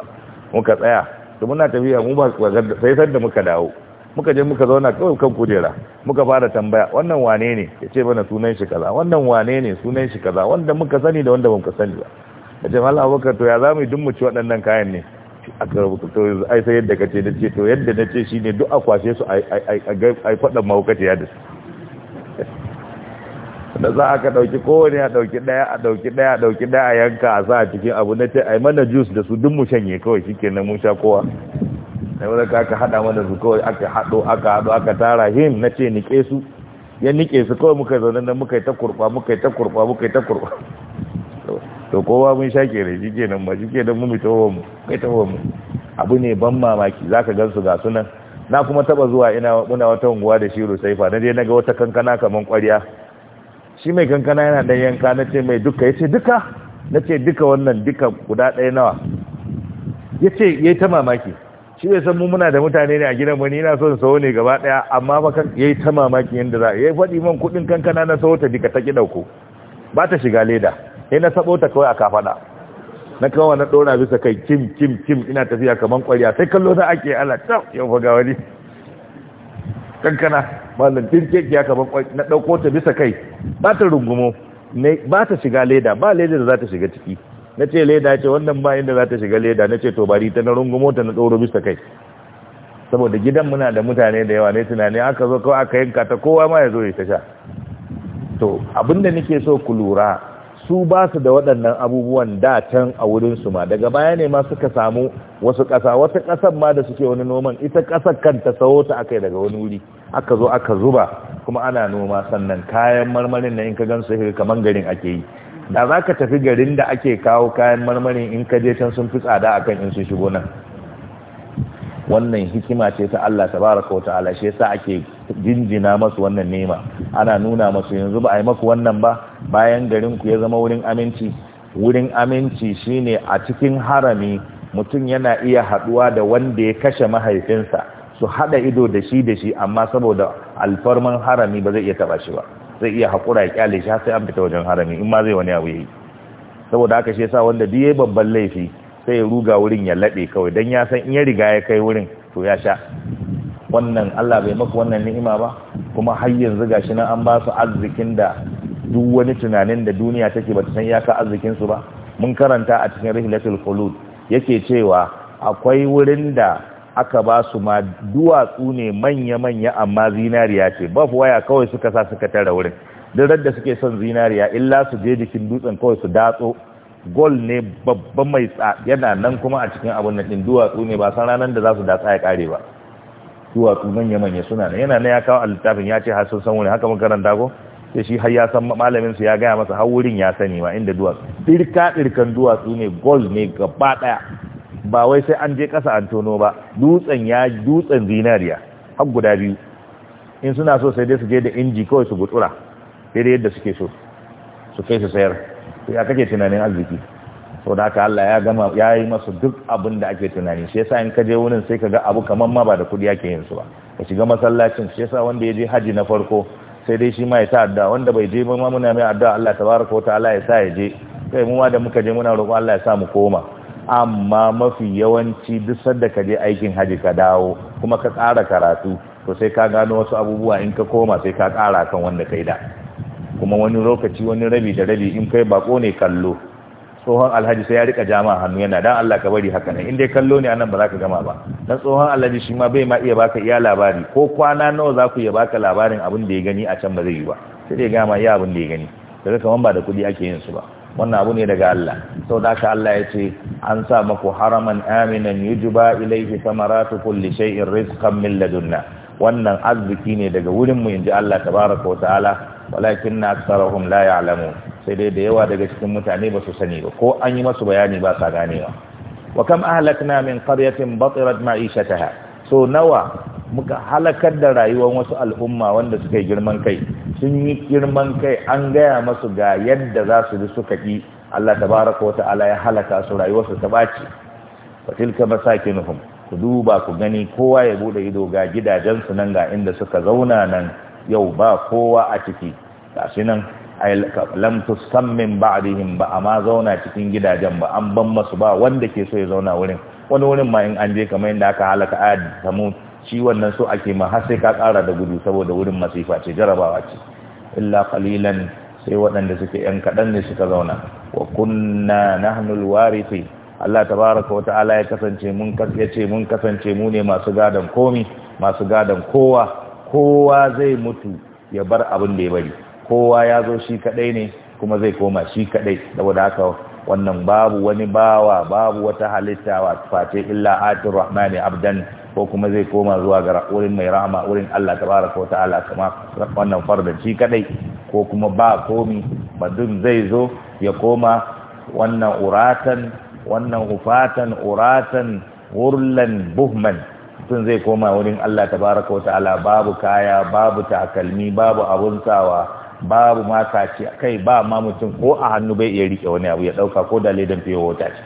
muka tsaya to muna tafiya mu ba sai san da muka dawo muka je muka zauna kawai kan kujera muka fara tambaya wannan wane ne ya ce mana sunan shi kaza wannan wane ne sunan shi kaza wanda muka sani da wanda bamu sani ba a ce abubakar to ya za mu yi dun muci waɗannan kayan ne a karbuka to yanzu ai sai yadda ka ce na ce to yadda na ce shine duk a kwashe su a faɗin ya da su da (laughs) za a ka ɗauki kowane a ɗauki ɗaya a ɗauki ɗaya a ɗauki ɗaya a yanka a sa a cikin abu na ce ai mana jus da su duk mu shanye kawai shi kenan mun sha kowa na yi wadda aka haɗa mana su kawai aka haɗo aka haɗo aka tara him na ce niƙe su ya niƙe su kawai muka zaune na muka yi ta kurɓa muka yi ta kurɓa muka yi ta kurɓa to kowa mun sha kere shi kenan ba shi kenan mu mitowa mu kai tawa mu abu ne ban mamaki za gan su ga sunan na kuma taba zuwa ina muna wata unguwa da shiru saifa na je naga wata kankana kaman kwariya shi mai kankana yana dan yanka na ce mai duka yace duka na ce duka wannan duka guda ɗaya nawa yace yayi ta mamaki shi bai san mu muna da mutane ne a gidan mu ni ina son sawo ne gaba ɗaya amma fa kan yayi ta mamaki yanda za yayi faɗi man kuɗin kankana na sawo ta duka ta ki dauko ba ta shiga leda sai na sabo ta kawai a kafada na kawai na dora bisa kai kim kim kim ina tafiya kaman kwariya sai kallo na ake ala tam yau fa wani kankana mallan tirke ya kaman na dauko ta bisa kai ba ta rungumo ba ta shiga leda ba leda da za ta shiga ciki na ce leda ce wannan ba inda za ta shiga leda na ce to bari ta na rungumo ta na doro bisa kai saboda gidan muna da mutane da yawa ne tunani aka zo kawai aka yanka ta kowa ma ya zo ya ta to abinda nake so ku lura su ba su da waɗannan abubuwan da can a wurinsu ma daga baya ne ma suka samu wasu ƙasa wata ƙasar ma da suke wani noman ita ƙasar kanta sawo ta aka yi daga wani wuri aka zo aka zuba kuma ana noma sannan kayan marmarin na in ka gan su kaman garin ake yi da za ka tafi garin da ake kawo kayan marmarin in ka je can sun fi tsada akan in sun shigo nan wannan hikima ce ta Allah tabaraka wa ta'ala shi yasa ake jinjina masu wannan nema ana nuna masu yanzu ba a yi maku wannan ba bayan garin ku ya zama wurin aminci wurin aminci shine a cikin harami mutum yana iya haduwa da wanda ya kashe mahaifinsa su hada ido da shi da shi amma saboda alfarman harami ba zai iya taba shi ba zai iya hakura ya kyale shi har sai an fita wajen harami in ma zai wani abu yayi saboda haka shi yasa wanda duk yayi babban laifi sai ya ruga wurin ya lade kawai dan ya san in ya riga ya kai wurin to ya sha wannan Allah bai maka wannan ni'ima ba kuma har yanzu gashi nan an ba su arzikin da duk wani tunanin da duniya take bata san iyaka arzikin su ba mun karanta a cikin rihlatul khulud yake cewa akwai wurin da aka ba su ma duwatsu ne manya-manya amma zinariya ce ba waya kawai suka sa suka tara wurin duk da suke son zinariya illa su je jikin dutsen kawai su datso gol ne babban mai tsa yana nan kuma a cikin abun nan din duwatsu ne ba san ranar da za su datsa ya kare ba duwatsu manya-manya suna nan yana na ya kawo a littafin ya ce har sun san wani haka mun karanta ko sai shi har ya san malamin su ya gaya masa har wurin ya sani ma inda duwatsu dirka dirkan duwatsu ne gold ne gaba daya ba wai sai an je kasa an tono ba dutsen ya dutsen zinariya har guda biyu in suna so sai dai su je da inji kawai su gutsura sai dai yadda suke so su kai su sayar ya kake tunanin arziki sau da haka Allah ya gama ya yi masu duk abin da ake tunani shi yasa in ka je wurin sai ka ga abu kamar ma ba da kudi ake yin su ba ka shiga masallacin shi yasa wanda ya je haji na farko sai dai shi ma ya sa addu'a wanda bai je ba ma muna mai addu'a Allah tabaraka wa ta'ala ya sa ya je kai mu ma da muka je muna roƙo Allah ya sa mu koma amma mafi yawanci duk sanda ka je aikin haji ka dawo kuma ka ƙara karatu to sai ka gano wasu abubuwa in ka koma sai ka ƙara kan wanda kai da kuma wani lokaci wani rabi da rabi in kai bako ne kallo tsohon alhaji sai ya rika jama hannu yana dan Allah ka bari haka nan in dai kallo ne anan ba za ka gama ba dan tsohon alhaji shi ma bai ma iya baka iya labari ko kwana nawa za ku iya baka labarin abin da ya gani a can ba zai yi ba sai dai gama iya abin da ya gani daga kaman ba da kuɗi ake yin su ba wannan abu ne daga Allah sau da Allah ya ce an sa maku haraman aminan yujuba ilaihi samaratu kulli shay'in rizqan min ladunna wannan arziki ne daga wurin mu inji Allah tabaraka wa ta'ala walakin na aksarahum la ya'lamun sai dai da yawa daga cikin mutane ba su sani ba ko an yi masu bayani ba sa ganewa wa kam ahlakna min qaryatin batirat ma'ishataha so nawa muka halakar da rayuwar wasu al'umma wanda suka yi girman kai sun yi girman kai an gaya masu ga yadda za su bi suka ki Allah tabaraka wa ta'ala ya halaka su rayuwarsu ta baci wa tilka masakinuhum ku duba ku gani kowa ya bude ido ga gidajensu nan ga inda suka zauna nan yau ba kowa a ciki shi nan lam tusammin ba'dihim ba amma zauna cikin gidajen ba an ban masu ba wanda ke so ya zauna wurin wani wurin ma in an je kamar yadda aka halaka ad samu shi wannan so ake ma har sai ka kara da gudu saboda wurin masifa ce jarabawa ce illa qalilan sai waɗanda suke yan kaɗan ne suka zauna wa kunna nahnu alwarithi Allah tabaraka wa ta'ala ya kasance mun kasance mun kasance mu ne masu gadon komi masu gadon kowa kowa zai mutu ya bar abin da ya bari kowa ya zo shi kadai ne kuma zai koma shi kadai saboda haka wannan babu wani bawa babu wata halitta wa face illa atir rahmani abdan ko kuma zai koma zuwa ga rahurin mai rahama wurin Allah tabaraka wataala kuma wannan farda shi kadai ko kuma ba komi badun zai zo ya koma wannan uratan wannan ufatan uratan urlan buhman mutum zai koma wurin Allah tabaraka wa ta'ala babu kaya babu takalmi babu abun sawa babu ma ce kai ba ma mutum ko a hannu bai iya rike wani abu ya dauka ko da ledan fiye wata ce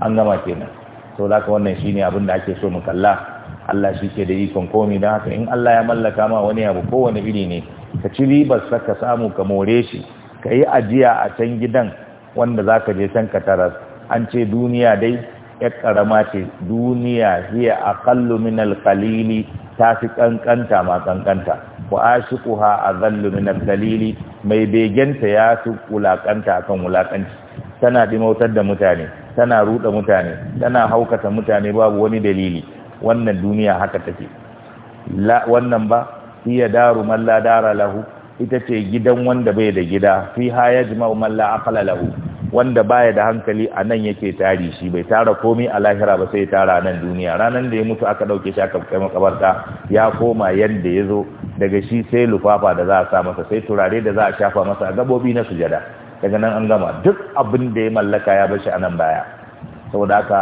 an gama kenan to zaka wannan shine abin da ake so mu kalla Allah shi ke da ikon komi don haka in Allah ya mallaka ma wani abu kowane iri ne ka ci ribarsa ka samu ka more shi ka yi ajiya a can gidan wanda za ka je can ka taras an ce duniya dai yar karama ce duniya hiya aqallu min al-qalili ta fi kankanta ma kankanta wa ashiquha azallu min al-qalili mai begenta ya fi wulakanta akan wulakanci tana dimautar da mutane tana ruda mutane tana haukata mutane babu wani dalili wannan duniya haka take wannan ba hiya daru man la dara lahu ita ce gidan wanda bai da gida fi ha yajma'u man la aqla lahu wanda baya da hankali a nan yake tari shi bai tara komi a lahira ba sai tara nan duniya ranar da ya mutu aka dauke shi aka kai makabarta ya koma yadda ya zo daga shi sai lufafa da za a sa masa sai turare da za a shafa masa gabobi na sujada daga nan an gama duk abin da ya mallaka ya bashi a nan baya saboda haka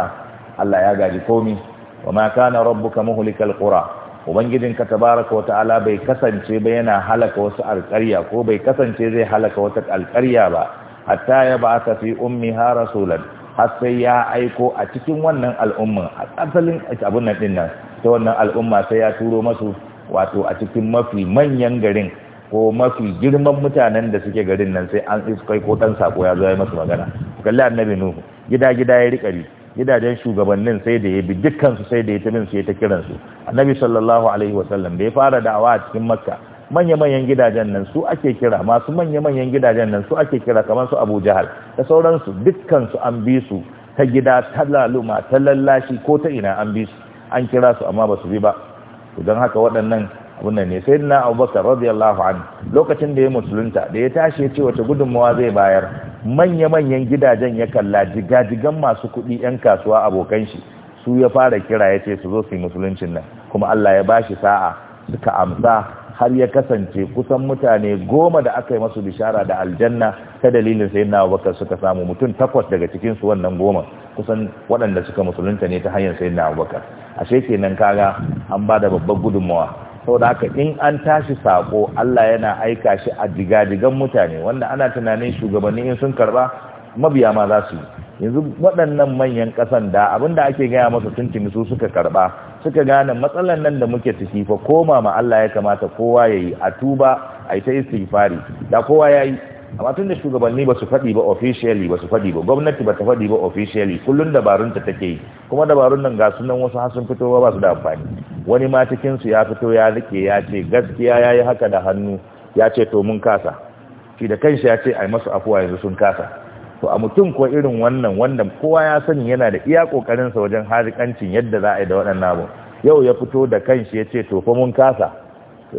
Allah ya gaji komai wa ma kana rabbuka muhlikal qura ubangijinka tabaraka wata'ala bai kasance ba yana halaka wasu alƙarya ko bai kasance zai halaka wata alƙarya ba hatta ya ba ta fi ha rasulan har sai ya aiko a cikin wannan al'umma a asalin abin nan dinnan ta wannan al'umma sai ya turo masu wato a cikin mafi manyan garin ko mafi girman mutanen da suke garin nan sai an iskai ko dan sako ya zo ya masu magana kalli annabi nuhu gida gida ya rika bi gidajen shugabannin sai da ya bi dukkan su sai da ya tabin su ya ta kiransu annabi sallallahu alaihi wasallam da ya fara da'awa a cikin makka manya-manyan gidajen nan su ake kira masu manya-manyan gidajen nan su ake kira kamar su abu jahal da sauransu dukkansu an bi su ta gida ta laluma ta lallashi ko ta ina an bi su an kira su amma ba su bi ba don haka waɗannan nan ne sai na abubakar radiyallahu an lokacin da ya musulunta da ya tashi ya ce wata gudunmawa zai bayar manya-manyan gidajen ya kalla jigajigan masu kuɗi 'yan kasuwa abokan shi su ya fara kira ya ce su zo su yi musuluncin nan kuma allah ya ba shi sa'a suka amsa har ya kasance kusan mutane goma da aka yi masu bishara da aljanna ta dalilin sai na bakar suka samu mutum takwas daga cikinsu wannan goma kusan waɗanda suka musulunta ne ta hanyar sai na abubakar ashe kenan kaga an ba da babbar gudunmawa saboda haka in an tashi saƙo Allah yana aika shi a digadigan mutane wanda ana tunanin shugabanni in sun karɓa mabiya ma za su yi yanzu waɗannan manyan ƙasan da abinda ake gaya masa tun su suka karɓa suka gane matsalan nan da muke ciki fa koma ma Allah ya kamata kowa ya yi a tuba ai ta istighfari da kowa yayi amma tun da shugabanni ba su fadi ba officially ba su fadi ba gwamnati ba ta fadi ba officially kullun dabarun ta take yi kuma dabarun nan ga sunan wasu har sun fito ba su da amfani wani ma cikin su ya fito ya rike ya ce gaskiya yayi haka da hannu ya ce to mun kasa shi da kanshi ya ce ai masu afuwa yanzu sun kasa to a mutum ko irin wannan wanda kowa ya sani yana da iya kokarinsa wajen harikancin yadda za a yi da waɗannan abu yau ya fito da kanshi ya ce to fa mun kasa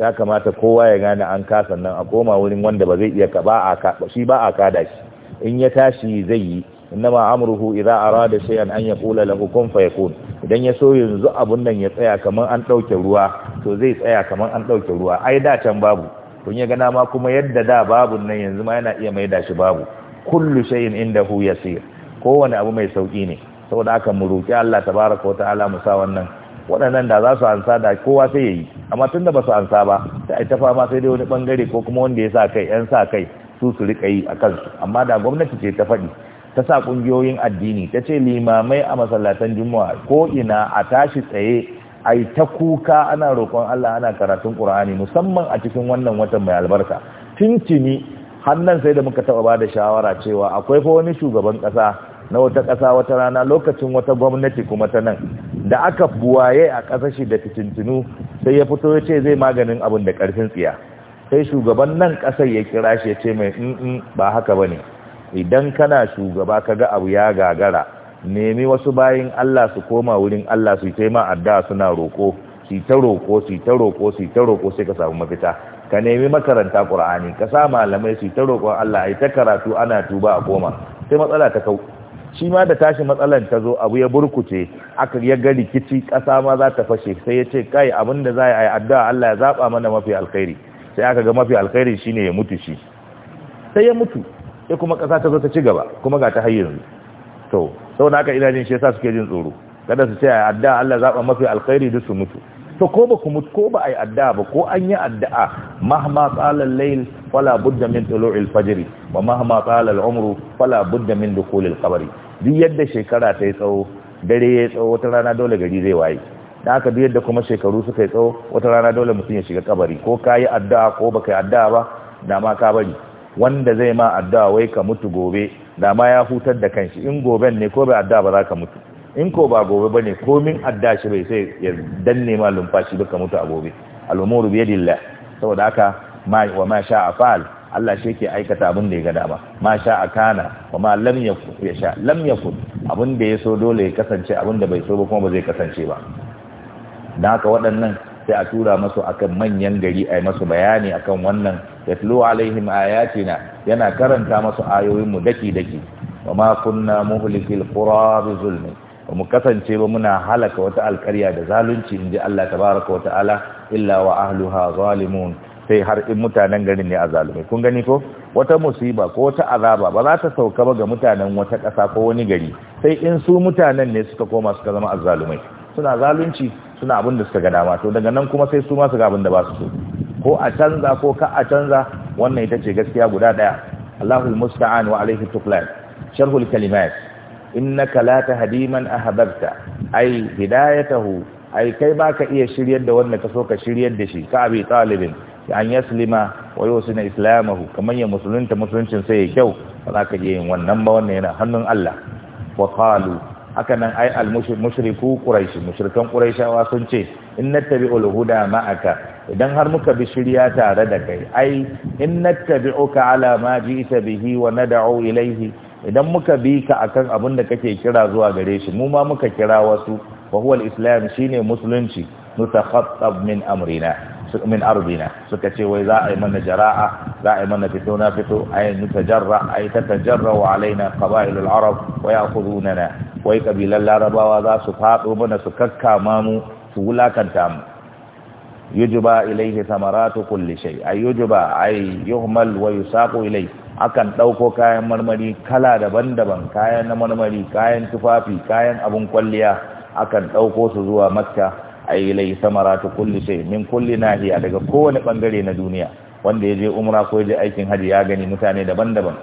ya kamata kowa ya gane an kasa nan a koma wurin wanda ba zai iya ka ba a shi ba a kada shi in ya tashi zai yi innama amruhu idza arada shay'an an yaqula lahu kun fayakun idan ya so yanzu abun nan ya tsaya kaman an dauke ruwa to zai tsaya kamar an dauke ruwa ai da can babu kun ya gana ma kuma yadda da babun nan yanzu ma yana iya maida shi babu kullu shay'in indahu yasir kowane abu mai sauki ne saboda haka mu roki Allah tabaaraka wa ta'ala mu sa wannan waɗannan da za su ansa da kowa sai yayi amma tunda ba su ansa ba sai ta fama sai dai wani bangare ko kuma wanda ya sa kai yan sa kai su su rika yi a kansu amma da gwamnati ce ta faɗi ta sa kungiyoyin addini ta ce limamai a masallatan juma'a ko ina a tashi tsaye a ta kuka ana roƙon Allah ana karatun ƙur'ani musamman a cikin wannan watan mai albarka tuntuni hannan sai da muka taɓa ba da shawara cewa akwai fa wani shugaban kasa na wata kasa wata rana lokacin wata gwamnati kuma ta nan da aka buwaye a kasashe shi da fitintinu sai ya fito ya ce zai maganin abin da karfin tsiya sai shugaban nan kasar ya kira shi ya ce mai in ba haka ba ne idan kana shugaba ka ga abu ya gagara nemi wasu bayin Allah su koma wurin Allah su yi taima addu'a suna roko su ta roko su ta roko su ta roko sai ka samu mafita ka nemi makaranta qur'ani ka sa malamai su ta roƙon Allah ai ta karatu ana tuba a koma sai matsala ta kau shi ma da tashi matsalan ta zo abu ya burkuce aka ya ga rikici ƙasa ma za ta fashe sai ya ce kai abin da za a yi addu'a Allah ya zaɓa mana mafi alkhairi sai aka ga mafi alkhairi shi ne ya mutu shi sai ya mutu sai kuma ƙasa ta zo ta ci gaba kuma ga ta har yanzu to na aka ina jin shi ya sa suke jin tsoro kada su ce a addu'a Allah zaɓa mafi alkhairi duk su mutu to ko ba ku mutu ko ba ai addu'a ba ko an yi addu'a mahma qala al-layl fala budda min tulu'i al-fajr wa mahma qala umru fala budda min dukhul al-qabr duk yadda shekara ta yi tsawo dare ya tsawo wata rana dole gari zai waye da haka duk yadda kuma shekaru suka yi tsawo wata rana dole mutum ya shiga kabari ko ka yi addu'a ko ba baka yi addu'a ba da ma ka bari wanda zai ma addu'a wai ka mutu gobe da ma ya hutar da kanshi in goben ne ko bai addu'a ba za ka mutu in ko ba gobe ne komin adda shi bai sai ya danne ma lumfashi baka mutu a gobe al'umuru bi yadillah saboda haka wa ma a fa'al Allah shi yake aikata abin da ya ga dama ma sha'a kana wa ma lam yakun ya sha lam yakun abin da ya so dole ya kasance abin da bai so ba kuma ba zai kasance ba dan haka waɗannan sai a tura masu akan manyan gari a masu bayani akan wannan yatlu alaihim ayatina yana karanta masu ayoyin mu daki daki wa ma kunna muhlikil qura bi zulmin ba mu kasance ba muna halaka wata alkarya da zalunci in ji Allah tabaraka wa ta'ala illa wa ahluha zalimun sai har in mutanen garin ne a zalumai kun gani ko wata musiba ko wata azaba ba za ta sauka ba ga mutanen wata ƙasa ko wani gari sai in su mutanen ne suka koma suka zama azzalumai suna zalunci suna abin da suka ga dama to daga nan kuma sai su ma su ga abin da ba su so ko a canza ko ka a canza wannan ita ce gaskiya guda ɗaya. Allahul musta'an wa alaihi tuqlan sharhul kalimat innaka la tahdi man ahbabta ai hidayatahu ai kai baka iya shiryar da wanda kaso ka shiryar da shi ka abi talibin an yaslima wa yusina islamahu kaman ya musulunta musuluncin sai ya kyau ba ka je yin wannan ba wannan yana hannun Allah wa qalu haka nan ai al mushriku quraish mushrikan quraishawa sun ce in nattabi'ul huda ma'aka idan har muka bi shirya tare da kai ai in nattabi'uka ala ma ji'ta bihi wa nad'u ilayhi idan muka bi ka akan abin da kake kira zuwa gare shi mu ma muka kira wasu wa huwa al-islam shine musulunci nutakhattab min amrina min ardina suka ce wai za a yi mana jara'a za a yi mana fito na fito ay nutajarra ay tatajarra wa alaina qaba'il al-arab wa nana. wai kabilan larabawa za su fado mana su kakkama mu su wulakanta mu yujuba ilayhi samaratu kulli shay ay yujuba ay yuhmal wa yusaqu ilayhi akan ɗauko kayan marmari kala daban-daban kayan na marmari kayan tufafi kayan abun kwalliya akan ɗauko su zuwa makka a yi lai samara ta kulli sai min kulli nahiya daga kowane ɓangare na duniya wanda ya je umra ko ya je aikin hajji ya gani mutane daban-daban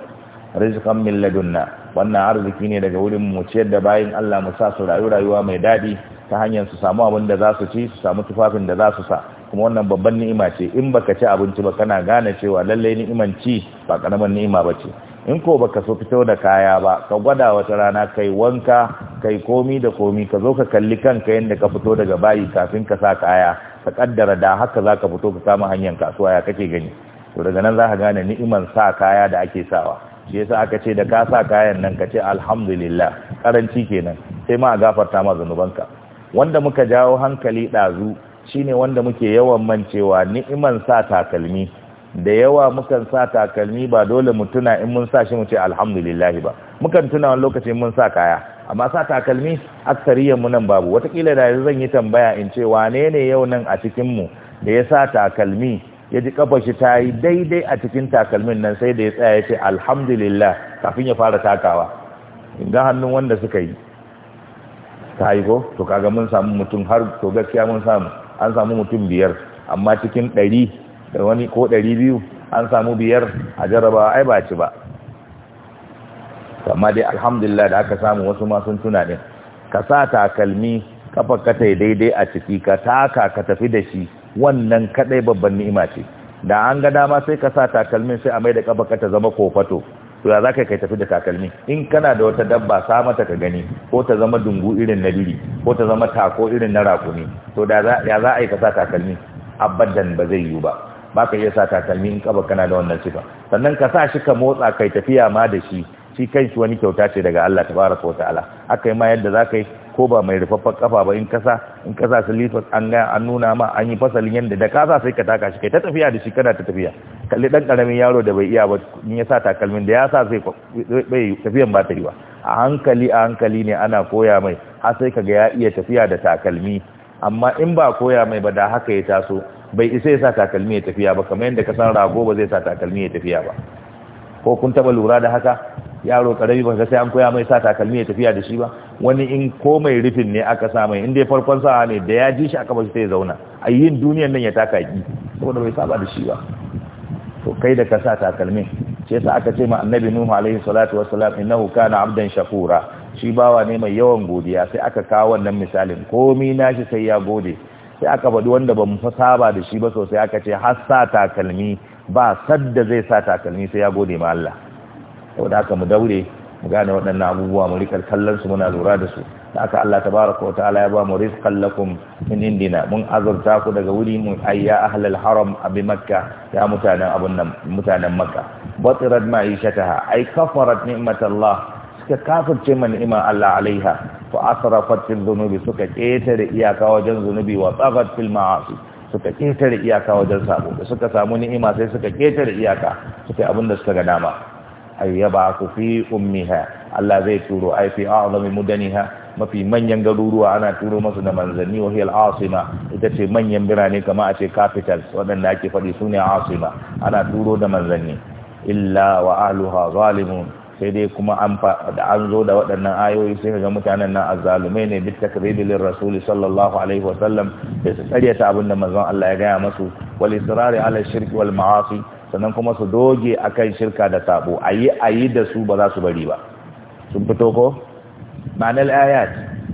rizikan min ladunna wannan arziki ne daga wurin mu ciyar da bayan Allah mu sa su rayu rayuwa mai daɗi ta hanyar su samu abin da za su ci su samu tufafin da za su sa kuma wannan babban ni'ima ce in baka ci abinci ba kana gane cewa lalle ni'iman ci ba karaman ni'ima ba ce in ko baka so fito da kaya ba ka gwada wata rana kai wanka kai komi da komi ka zo ka kalli kanka yadda ka fito daga bayi kafin ka sa kaya ka kaddara da haka za ka fito ka samu hanyar kasuwa ya kake gani to daga nan za ka gane ni'iman sa kaya da ake sawa shi yasa aka ce da ka sa kayan nan ka ce alhamdulillah karanci kenan sai ma a gafarta ma zanubanka wanda muka jawo hankali ɗazu Shi ne wanda muke yawan mancewa ni'iman sa takalmi da yawa mukan sa takalmi ba dole mu tuna in mun sa shi mu ce alhamdulillah ba mukan tuna wani lokacin mun sa kaya amma sa takalmi aksariyan mu nan babu watakila da yanzu zan yi tambaya in ce wane ne yau nan a cikin mu da ya sa takalmi ya ji kafa shi ta yi daidai a cikin takalmin nan sai da ya tsaya ya ce alhamdulillah kafin ya fara takawa ga hannun wanda suka yi ta yi ko to kaga mun samu mutum har to gaskiya mun samu an samu mutum biyar amma cikin ɗari da wani ko ɗari biyu an samu biyar a jarabawa ai ba ci ba amma dai alhamdulillah da aka samu wasu ma sun tuna ne ka sa takalmi kafa ka tai daidai a ciki ka taka ka tafi da shi wannan kadai babban ni'ima ce da an ga dama sai ka sa takalmin sai a mai da kafa ka ta zama kofato to ya zaka kai tafi da takalmi in kana da wata dabba sa mata ka gani ko ta zama dungu irin na biri ko ta zama tako irin na rakumi to da ya za a yi ka sa takalmi abadan ba zai yiwu ba ba ka iya sa takalmi in kaba kana da wannan sifa sannan ka sa shi ka motsa kai tafiya ma da shi shi kanshi wani kyauta ce daga Allah tabaraka wa ta'ala akai ma yadda za ka yi ko ba mai rufaffen kafa ba in kasa in kasa silifas an ga an nuna ma an yi fasalin yadda da kasa sai ka taka shi kai ta tafiya da shi kana ta tafiya kalli dan karamin yaro da bai iya ba in ya sa takalmin da ya sa sai bai tafiyan ba ta yi ba a hankali a hankali ne ana koya mai har sai kaga ya iya tafiya da takalmi amma in ba koya mai ba da haka ya taso bai isa ya sa takalmi ya tafiya ba kamar yadda ka san rago ba zai sa takalmi ya tafiya ba ko kun taba lura da haka yaro karami ba sai an koya mai sa takalmi ya tafiya da shi ba wani in komai rufin ne aka sa mai in dai farkon sa ne da ya ji shi aka shi sai ya zauna a yin duniyan nan ya taka ki saboda bai saba da shi ba to kai da ka sa takalmi sai sa aka ce ma annabi nuhu alaihi salatu wassalam innahu kana abdan shakura shi bawa ne mai yawan godiya sai aka kawo wannan misalin komi shi sai ya gode sai aka baɗi wanda ba mu saba da shi ba sosai aka ce har sa takalmi ba sadda zai sa takalmi sai ya gode ma Allah saboda haka mu daure mu gane waɗannan abubuwa mu rika kallon su muna lura da su da aka Allah tabaraka ko ta'ala ya ba mu rizqan lakum min indina mun azurta ku daga wuri mu ayya ahlal haram abi makka ya mutanen abun nan mutanen makka batirat ma'ishataha ai kafarat ni'matallah suka kafirce ma ni'ima Allah alaiha fa asrafat fil dhunubi suka ketare iyaka wajen zunubi wa tsagat fil ma'asi suka ketare iyaka wajen sabo da suka samu ni'ima sai suka ketare iyaka suka abin da suka ga dama ayyaba yab'athu fi ummiha Allah zai turo ai fi a'zami mudaniha mafi manyan garuruwa ana turo masu da manzanni wa hiyal asima ita ce manyan birane kama a ce capitals waɗanda ake faɗi su ne asima ana turo da manzanni illa wa ahluha zalimun sai dai kuma an da an zo da waɗannan ayoyi sai ga mutanen nan azzalumai ne bit takribi lir rasul sallallahu alaihi wa sallam da su ta abin da manzon Allah ya gaya masu wal israri ala shirki wal ma'asi sannan kuma su doge akan shirka da sabo ayi ayi da su ba za su bari ba sun fito ko ma'anar ayat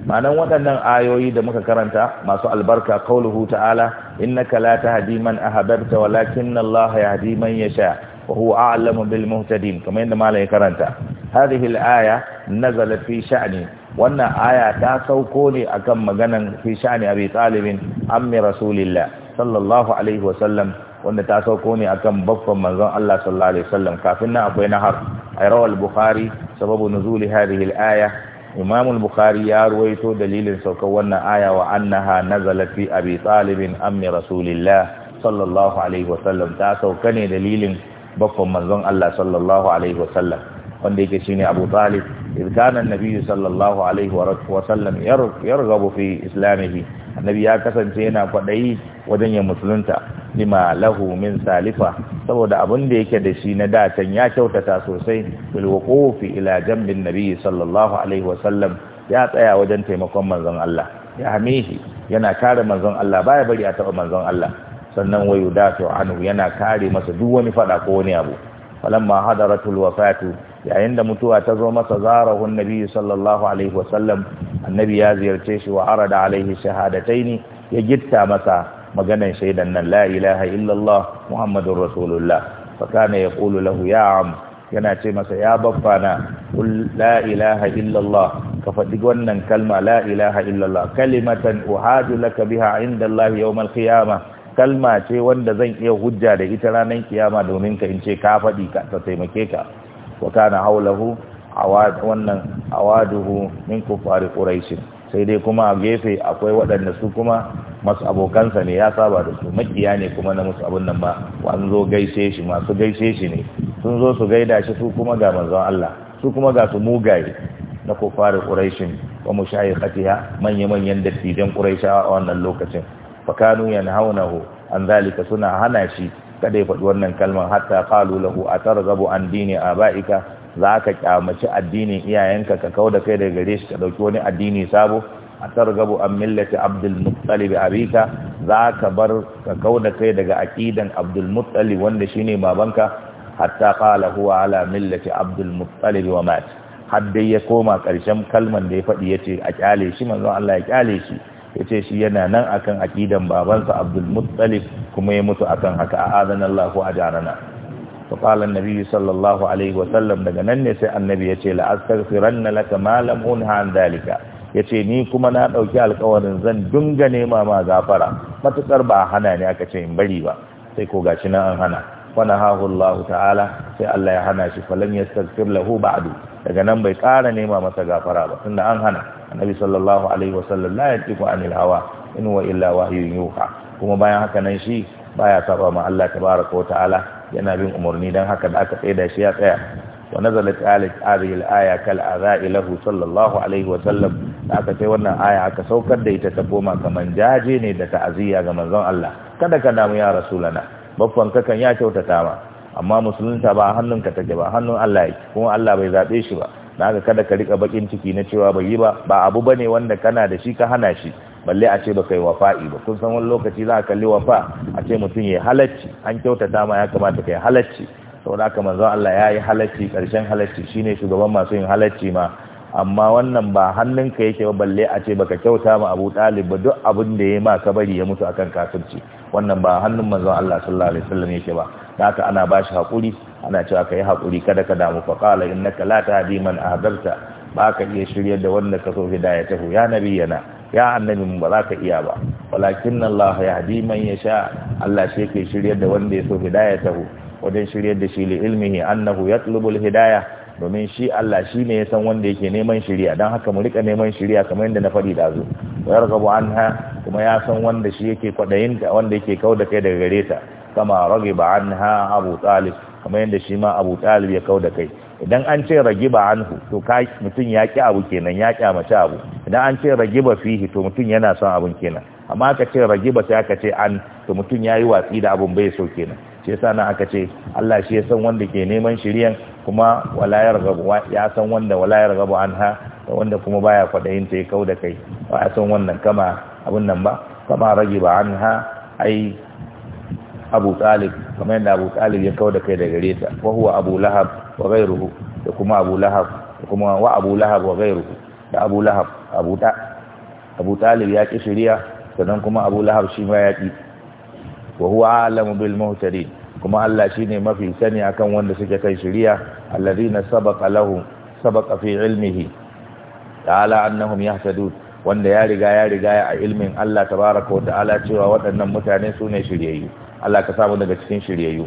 ma'anar waɗannan ayoyi da muka karanta masu albarka qauluhu ta'ala innaka la tahdi man ahbabta walakinna Allah yahdi man yasha wa huwa a'lamu bil muhtadin kamar yadda malai karanta hadhihi al-aya nazalat fi sha'ni wannan aya ta sauko ne akan maganan fi sha'ni abi talibin ammi rasulillah sallallahu alaihi wa sallam wanda ta sauko ne akan babban manzon Allah sallallahu alaihi wasallam kafin nan akwai nahar ay rawal bukhari sababu nuzuli hadhihi al-aya imam al-bukhari ya ruwaito dalilin saukar wannan aya wa annaha nazalat fi abi talib ammi rasulillah sallallahu alaihi wasallam ta sauka ne dalilin babban manzon Allah sallallahu alaihi wasallam wanda yake shine abu talib idh kana an-nabiy sallallahu alaihi wa sallam yarghabu fi islamihi annabi ya kasance yana kwaɗayi wajen ya musulunta lima lahu min salifa saboda abin da yake da shi na datan ya kyautata sosai bil wuqufi ila jambin nabi sallallahu alaihi wasallam ya tsaya wajen taimakon manzon Allah ya hamishi yana kare manzon Allah baya bari a taba manzon Allah sannan wayu dafi anhu yana kare masa duk wani fada ko wani abu falamma hadaratul wafatu yayin da mutuwa ta zo masa zarahun nabi sallallahu alaihi wasallam annabi ya ziyarce shi wa arada alaihi shahadataini ya gitta masa maganan shaidan nan la ilaha illallah muhammadur rasulullah fa kana yaqulu lahu ya am yana ce masa ya baffana qul la ilaha illallah ka faɗi wannan kalma la ilaha illallah kalimatan uhadu laka biha inda Allah yawmal kiyama kalma ce wanda zan iya hujja da ita ranar kiyama domin ka in ce ka faɗi ka ta taimake ka wa kana haulahu awad wannan awaduhu min kufari quraish sai dai kuma a gefe akwai waɗanda su kuma masu abokansa ne ya saba da su makiya ne kuma na musu abun nan ba an zo gaishe shi masu gaishe shi ne sun zo su gaida shi su kuma ga manzon Allah su kuma ga su mugaye na kufari ƙuraishin wa mushayikatiha manya-manyan dattijan quraishawa a wannan lokacin fakanu yanhaunahu an zalika suna hana shi kada ya faɗi wannan kalmar hatta qalu lahu atarghabu an dini abaika zaka kyamaci addinin iyayenka ka kauda kai daga gare shi ka ɗauki wani addini sabo atarghabu an millati abdul muttalib abika zaka bar ka kauda kai daga aƙidan abdul muttalib wanda shine babanka hatta qala huwa ala millati abdul wa mat har dai ya koma ƙarshen kalman da ya faɗi yace a kyale shi manzon Allah ya kyale shi Ya ce shi yana nan akan akidan babansa Abdul kuma ya mutu akan haka a Allah a jarana. jarana ta an-nabi sallallahu alaihi wasallam daga nan ne sai annabi ya ce la'askar firan na laka malam un unha dalika Ya ce ni kuma na ɗauki alkawarin zan dunga nema ma gafara matukar ba hana ne aka ce in bari ba sai ko gashi nan an hana fanahahu Allah ta'ala sai Allah ya hana shi ya yastaghfir lahu ba'du daga nan bai ƙara nema masa gafara ba tunda an hana annabi sallallahu alaihi wasallam la yatiqu anil hawa in wa illa wahyun yuha kuma bayan haka nan shi baya saba ma Allah tabaraka wa ta'ala yana bin umarni dan haka da aka tsaida shi ya tsaya wa nazalat alit hadhihi al-aya kal adha'i lahu sallallahu alaihi da aka kai wannan aya aka saukar da ita ta koma kaman jaje ne da ta'aziyya ga manzon Allah kada ka damu ya rasulana babban kakan ya kyautata ma amma musulunta ba hannunka take ba hannun Allah yake kuma Allah bai zabe shi ba da kada ka rika bakin ciki na cewa bai yi ba ba abu bane wanda kana da shi ka hana shi balle a ce baka yi wafa'i ba kun san wani lokaci za a kalli wafa a ce mutum ya halacci an kyautata ma ya kamata ka yi halacci saboda haka manzon Allah ya yi halacci karshen halacci shine shugaban masu yin halacci ma amma wannan ba hannunka yake ba balle a ce baka kyauta ma Abu Talib ba duk abin da ya maka bari ya mutu akan kafirci wannan ba hannun manzo Allah sallallahu alaihi wasallam yake ba haka ana bashi hakuri ana cewa yi hakuri kada ka damu fa qala innaka la tahdi man ahbabta ba ka iya shiryar da wanda ka so hidayatahu ya nabiyana ya annabi mu ba za ka iya ba walakin Allah yahdi man yasha Allah shi yake shiryar da wanda ya so hidayatahu wajen shiryar da shi li ilmihi annahu yatlubul hidaya domin shi Allah shi ne ya san wanda yake neman shirya don haka mu rika neman shirya kamar yadda na faɗi dazu wa yarghabu anha kuma ya san wanda shi yake kwadayin ta wanda yake kauda kai daga gare ta kama raghiba anha Abu Talib kamar yadda shi ma abu talib ya kau da kai idan an ce ragiba anhu to ka mutum ya ki abu kenan ya mace abu idan an ce ragiba fihi to mutum yana son abun kenan amma aka ce ragiba sai aka ce an to mutum yayi watsi da abun bai so kenan shi yasa nan aka ce Allah shi ya san wanda ke neman shiriyan kuma wala yarghabu ya san wanda wala yarghabu anha wanda kuma baya faɗayin ta ya kau da kai ba a san wannan kama abun nan ba kama ragiba anha ai abu talib kamar yadda abu talib ya kawo da kai daga gare ta wa huwa abu lahab wa ghayruhu da kuma abu lahab da kuma wa abu lahab wa ghayruhu da abu lahab abu ta abu talib ya ki shari'a sannan kuma abu lahab shi ma ya ki wa huwa alamu bil muhtadin kuma Allah shine mafi sani akan wanda suke kai shari'a alladhina sabaqa lahum sabaqa fi ilmihi ta'ala annahum yahtadun wanda ya riga ya riga ya a ilmin Allah tabaraka wa ta'ala cewa waɗannan mutane su ne shiryayyu Allah ka samu daga cikin shiryayyu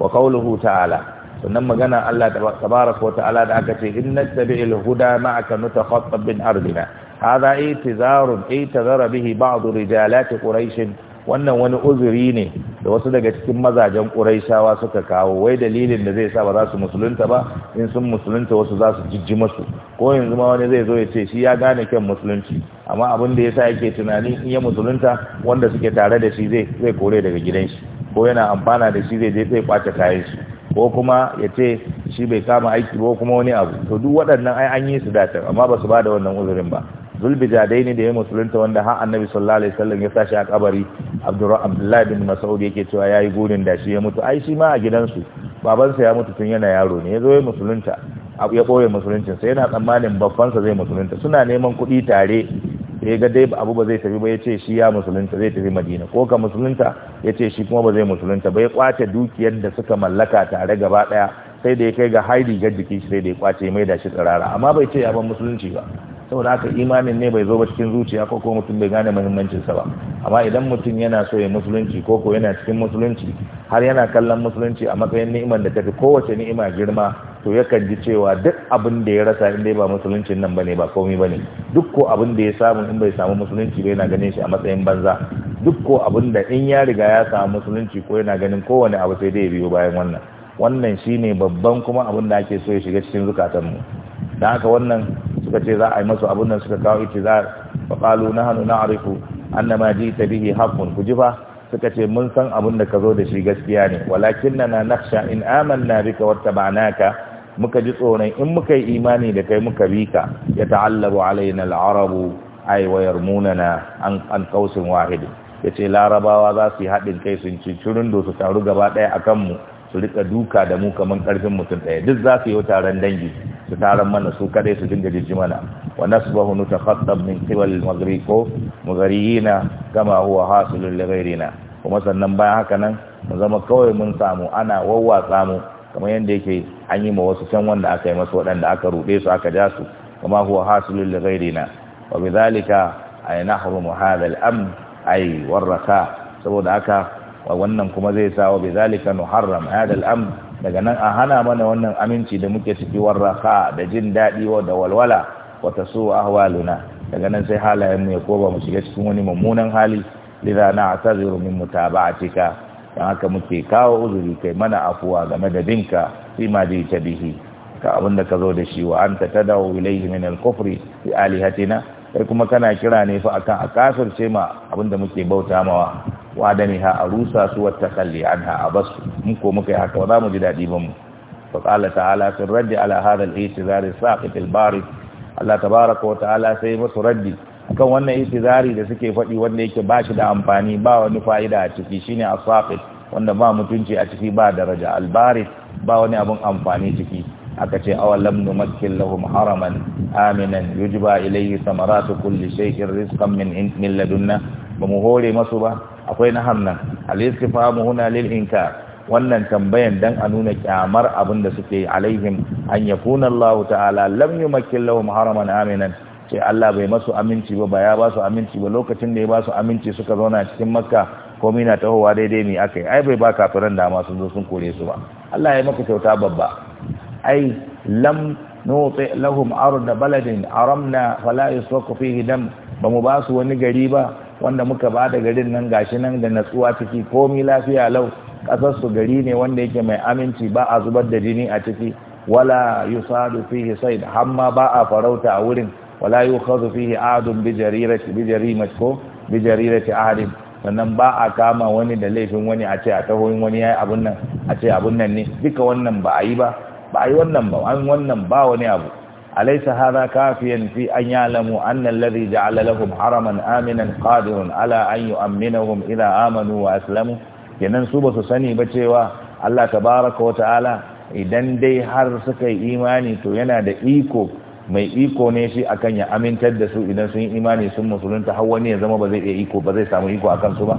wa qawluhu ta'ala sannan magana Allah tabaraka wa ta'ala da aka ce inna tabi'il huda ma'aka nutakhattab bin ardina hadha itizarun itazara bihi ba'd rijalati quraish wannan wani uzuri ne da wasu daga cikin mazajen ƙuraishawa suka kawo wai dalilin da zai sa ba za su musulunta ba in sun musulunta wasu za su jijji masu ko yanzu ma wani zai zo ya ce shi ya gane kyan musulunci amma abin da ya sa yake tunani in ya musulunta wanda suke tare da shi zai zai kore daga gidan shi ko yana amfana da shi zai je zai kwace kayan shi ko kuma ya ce shi bai kama aiki ko kuma wani abu to duk waɗannan ai an yi su da amma ba su ba da wannan uzurin ba zulbijadai ne da ya musulunta wanda har annabi sallallahu alaihi wasallam ya sashi a kabari abdullahi bin mas'ud yake cewa yayi gurin da shi ya mutu ai shi ma a gidansu babansa ya mutu tun yana yaro ne ya zo ya musulunta ya boye musuluncin sa yana tsammanin sa zai musulunta suna neman kuɗi tare ya ga dai abu ba zai tafi ba ya ce shi ya musulunta zai tafi madina ko ka musulunta ya ce shi kuma ba zai musulunta ba ya kwace dukiyar da suka mallaka tare gaba daya sai da ya kai ga haidi ga jikin shi sai da ya kwace mai da shi tsirara amma bai ce ya ban musulunci ba saboda haka imanin ne bai zo ba cikin zuciya ko ko mutum bai gane muhimmancin sa ba amma idan mutum yana so ya musulunci ko ko yana cikin musulunci har yana kallon musulunci a matsayin ni'imar da tafi kowace ni'ima girma to yakan ji cewa duk abin da ya rasa in dai ba musuluncin nan bane ba komai bane duk ko abin da ya samu in bai samu musulunci ba yana ganin shi a matsayin banza duk ko abin da in ya riga ya samu musulunci ko yana ganin kowane abu sai dai ya biyo bayan wannan wannan shine babban kuma abin da ake so ya shiga cikin zukatanmu da haka wannan suka ce za a yi masu abun nan suka kawo ita za na qalu na na'rifu annamaji ta bihi ji kujifa suka ce mun san abin da ka zo da shi gaskiya ne walakin na nakhsha in aman na wata ba naka muka ji tsoron in muka yi imani da kai muka bi ka ya ta'allabu alaina al-arabu wayar wa na an an qausin wahid yace larabawa za su yi haɗin kai sun ci cirin su taru gaba ɗaya akan mu su rika duka da mu kaman karfin mutum ɗaya duk za su yi taron dangi su taron mana su kadai su dinga jijji mana wa nasbahu nutakhattab min qibal maghriqo mughariyina kama huwa hasilul li ghayrina kuma sannan bayan haka nan mu zama kawai mun samu ana wawwa mu kamar yadda yake an yi ma wasu can wanda aka yi masu waɗanda aka ruɗe su aka ja su kama huwa hasilul li ghayrina wa bidhalika ay nahrumu hadha al-amn ay warraka saboda haka wannan kuma zai sawa bi zalika nuharram hadal amr daga nan a hana mana wannan aminci da muke ciki warraka da jin daɗi da walwala wa tasu ahwaluna daga nan sai halayen mu ya koba mu shiga cikin wani mummunan hali lidha na'taziru min mutaba'atika dan haka muke kawo uzuri kai mana afuwa game da binka fi ma bi tabihi ka abinda ka zo da shi wa anta tad'u ilayhi min al-kufri bi alihatina kai kuma kana kira ne fa akan a kafirce ma abinda muke bauta mawa wa da a rusa su wata kalli an ha a basu muka yi haka za mu ji daɗi ba mu fa ƙala ta'ala sun raddi ala hadal itizari saqit al-bari Allah tabaraka wa ta'ala sai masu raddi kan wannan itizari da suke faɗi wanda yake ba shi da amfani ba wani fa'ida a ciki shine as wanda ba mutunci a ciki ba daraja albari ba wani abun amfani ciki aka ce awalam numakkin lahum haraman aminan yujba ilayhi samaratu kulli shay'in rizqan min min ladunna ba mu hore masu ba akwai na hamnan al-istifamu huna lil inkar wannan tambayan dan a nuna kyamar abin da suke alaihim an yakuna Allah ta'ala lam numakkin lahum haraman aminan ce Allah bai masu aminci ba ba ya ba su aminci ba lokacin da ya ba su aminci suka zauna cikin makka komai na tahowa daidai aka akai ai bai ba kafiran da sun zo sun kore su ba Allah ya maka kyauta babba أي لم نوطئ da أرض بلد أرمنا فلا يسوق فيه wani gari ba wanda muka ba da garin nan ga shi nan da natsuwa ciki komi lafiya lau ƙasarsu gari ne wanda yake mai aminci ba a zubar da jini a ciki wala yusadu fihi sayd hamma ba a farauta a wurin wala yukhadhu fihi adun bi jarirati bi jarimati ko bi jarirati sannan ba a kama wani da laifin wani a ce a tahoyin wani yayi abun nan a ce abun nan ne duka wannan ba a yi ba ba yi wannan ba an wannan ba wani abu alaysa hadha kafiyan fi an ya'lamu anna alladhi ja'ala lahum haraman aminan qadirun ala an yu'minahum idha amanu wa aslamu kenan su ba su sani ba cewa Allah tabaaraka wa ta'ala idan dai har suka yi imani to yana da iko mai iko ne shi akan ya amintar da su idan sun yi imani sun musulunta har wani ya zama ba zai iya iko ba zai samu iko akan su ba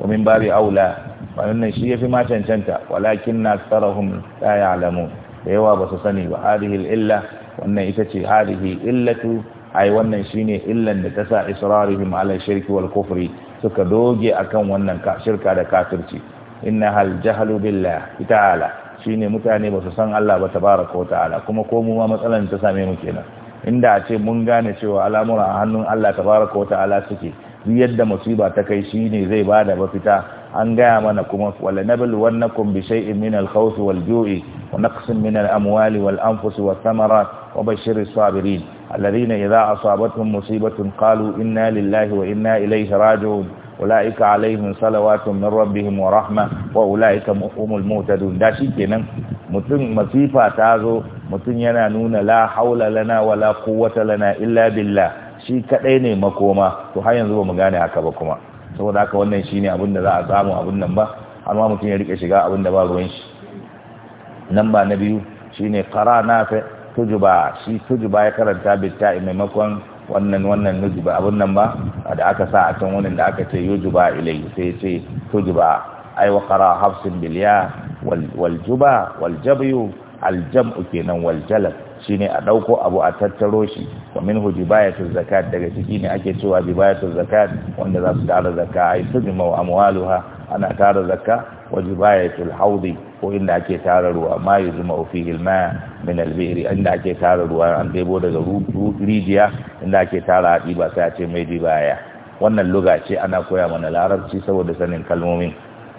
wa min babi aula wannan shi yafi ma cancanta walakin na tsarahum la ya'lamun da yawa ba su sani ba hadihil illa wannan ita ce hadihi illatu ai wannan shine illan da ta sa israrihim ala shirki wal kufri suka doge akan wannan shirka da kafirci inna hal jahlu billahi ta'ala shine mutane ba su san Allah ba tabaraka wa ta'ala kuma ko mu ma matsalan ta same mu kenan inda a ce mun gane cewa al'amura a hannun Allah tabaraka wa ta'ala suke duk yadda musiba ta kai shine zai bada mafita an gaya mana kuma wala nabal wannakum bi shay'in min al-khawf wal-ju'i wa naqsin min al-amwali wal-anfus wath-thamarat wa bashshiris sabirin alladhina idha asabatuhum musibatun qalu inna lillahi wa inna ilayhi raji'un ulaika alaihim salawatun min rabbihim wa rahma wa ulaika humul muhtadun da kenan mutum masifa ta zo mutum yana nuna la haula lana wala quwwata lana illa billah shi kadai ne makoma to har yanzu ba mu gane haka ba kuma saboda haka wannan shine abin da za a samu abin nan ba amma mutum ya rike shiga abin da ba ruwan shi nan ba na biyu shine qarana fa tujuba shi tujuba ya karanta bitta maimakon wannan wannan nujuba abin nan ba da aka sa a can wannan da aka ce yujuba ilai sai ce tujuba ai wa qara hafsin bilya wal juba wal jabyu kenan wal shine a dauko abu a tattaro shi wa minhu jibayatul zakat daga ciki ne ake cewa jibayatul zakat wanda za su tara zakka ai tujma wa amwaluha ana tara zakka wa haudi ko inda ake tara ruwa ma yuzma fihi alma min albihri inda ake tara ruwa an debo daga rijiya inda ake tara hadi ba sai a ce mai wannan luga ce ana koya mana larabci saboda sanin kalmomin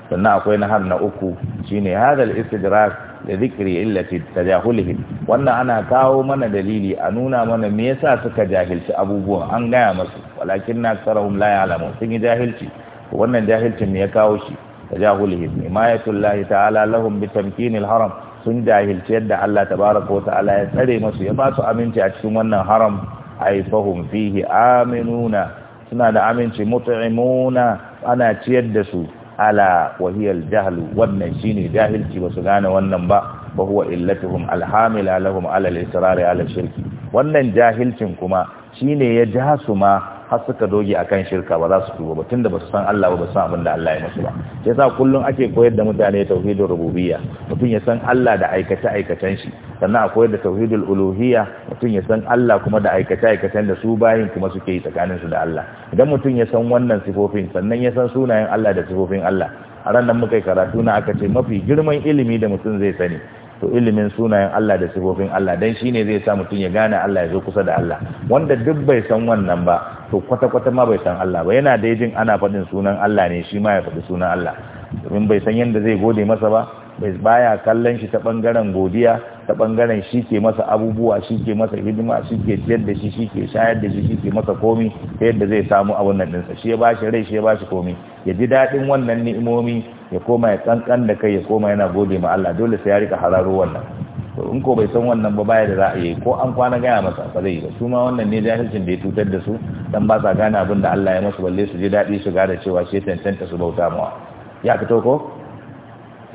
sannan akwai na har na uku shine hadal istidrak da zikri illati tajahulihim wannan ana kawo mana dalili a nuna mana me yasa suka jahilci abubuwan an gaya masu walakin na sarahum la alamun sun yi jahilci wannan jahilcin mu ya kawo shi tajahulihim imayatullahi ta'ala lahum bi tamkinil haram sun jahilci yadda Allah tabaraka ta'ala ya tsare masu ya ba su aminci a cikin wannan haram ay fahum fihi aminuna suna da aminci mut'imuna ana ciyar da su ala wahiyal jahlu wannan shine jahilci basu gane wannan ba ba huwa illatuhum alhamila lahum ala al-israr ala shirki wannan jahilcin kuma shine ya su ma har suka doge akan shirka ba za su tuba ba tunda ba su san Allah ba ba san abin Allah ya musu ba yasa kullum ake koyar da mutane tauhidul rububiyya mutum ya san Allah da aikata aikacen shi sannan a koyar da tauhidul uluhiyya mutum ya san Allah kuma da aikata aikacen da su bayin kuma suke yi tsakanin su da Allah idan mutum ya san wannan sifofin sannan ya san sunayen Allah da sifofin Allah a ran nan muka yi karatu na aka ce mafi girman ilimi da mutum zai sani to ilimin sunayen Allah da sifofin Allah dan ne zai sa mutum ya gane Allah ya zo kusa da Allah wanda duk bai san wannan ba to kwata-kwata ma bai san Allah ba yana daidin ana faɗin sunan Allah ne shi ma ya faɗi sunan Allah domin bai san yadda zai gode masa ba bai baya kallon shi ta bangaren godiya ta bangaren shi ke masa abubuwa shi ke masa hidima shi ke ciyar da shi shi ke shayar da shi shi ke masa komi ta yadda zai samu abun nan ɗinsa shi ya ba rai shi ya ba shi komi ya ji daɗin wannan ni'imomi ya koma ya kankan da kai ya koma yana gode ma Allah dole sai ya rika hararo wannan to in ko bai san wannan ba baya da ra'ayi ko an kwana gaya masa ba zai yi ba su ma wannan ne jahilcin da ya cutar da su dan ba sa gane abin da Allah ya masu balle su ji daɗi su gada cewa shi tantanta su bauta mawa ya fito ko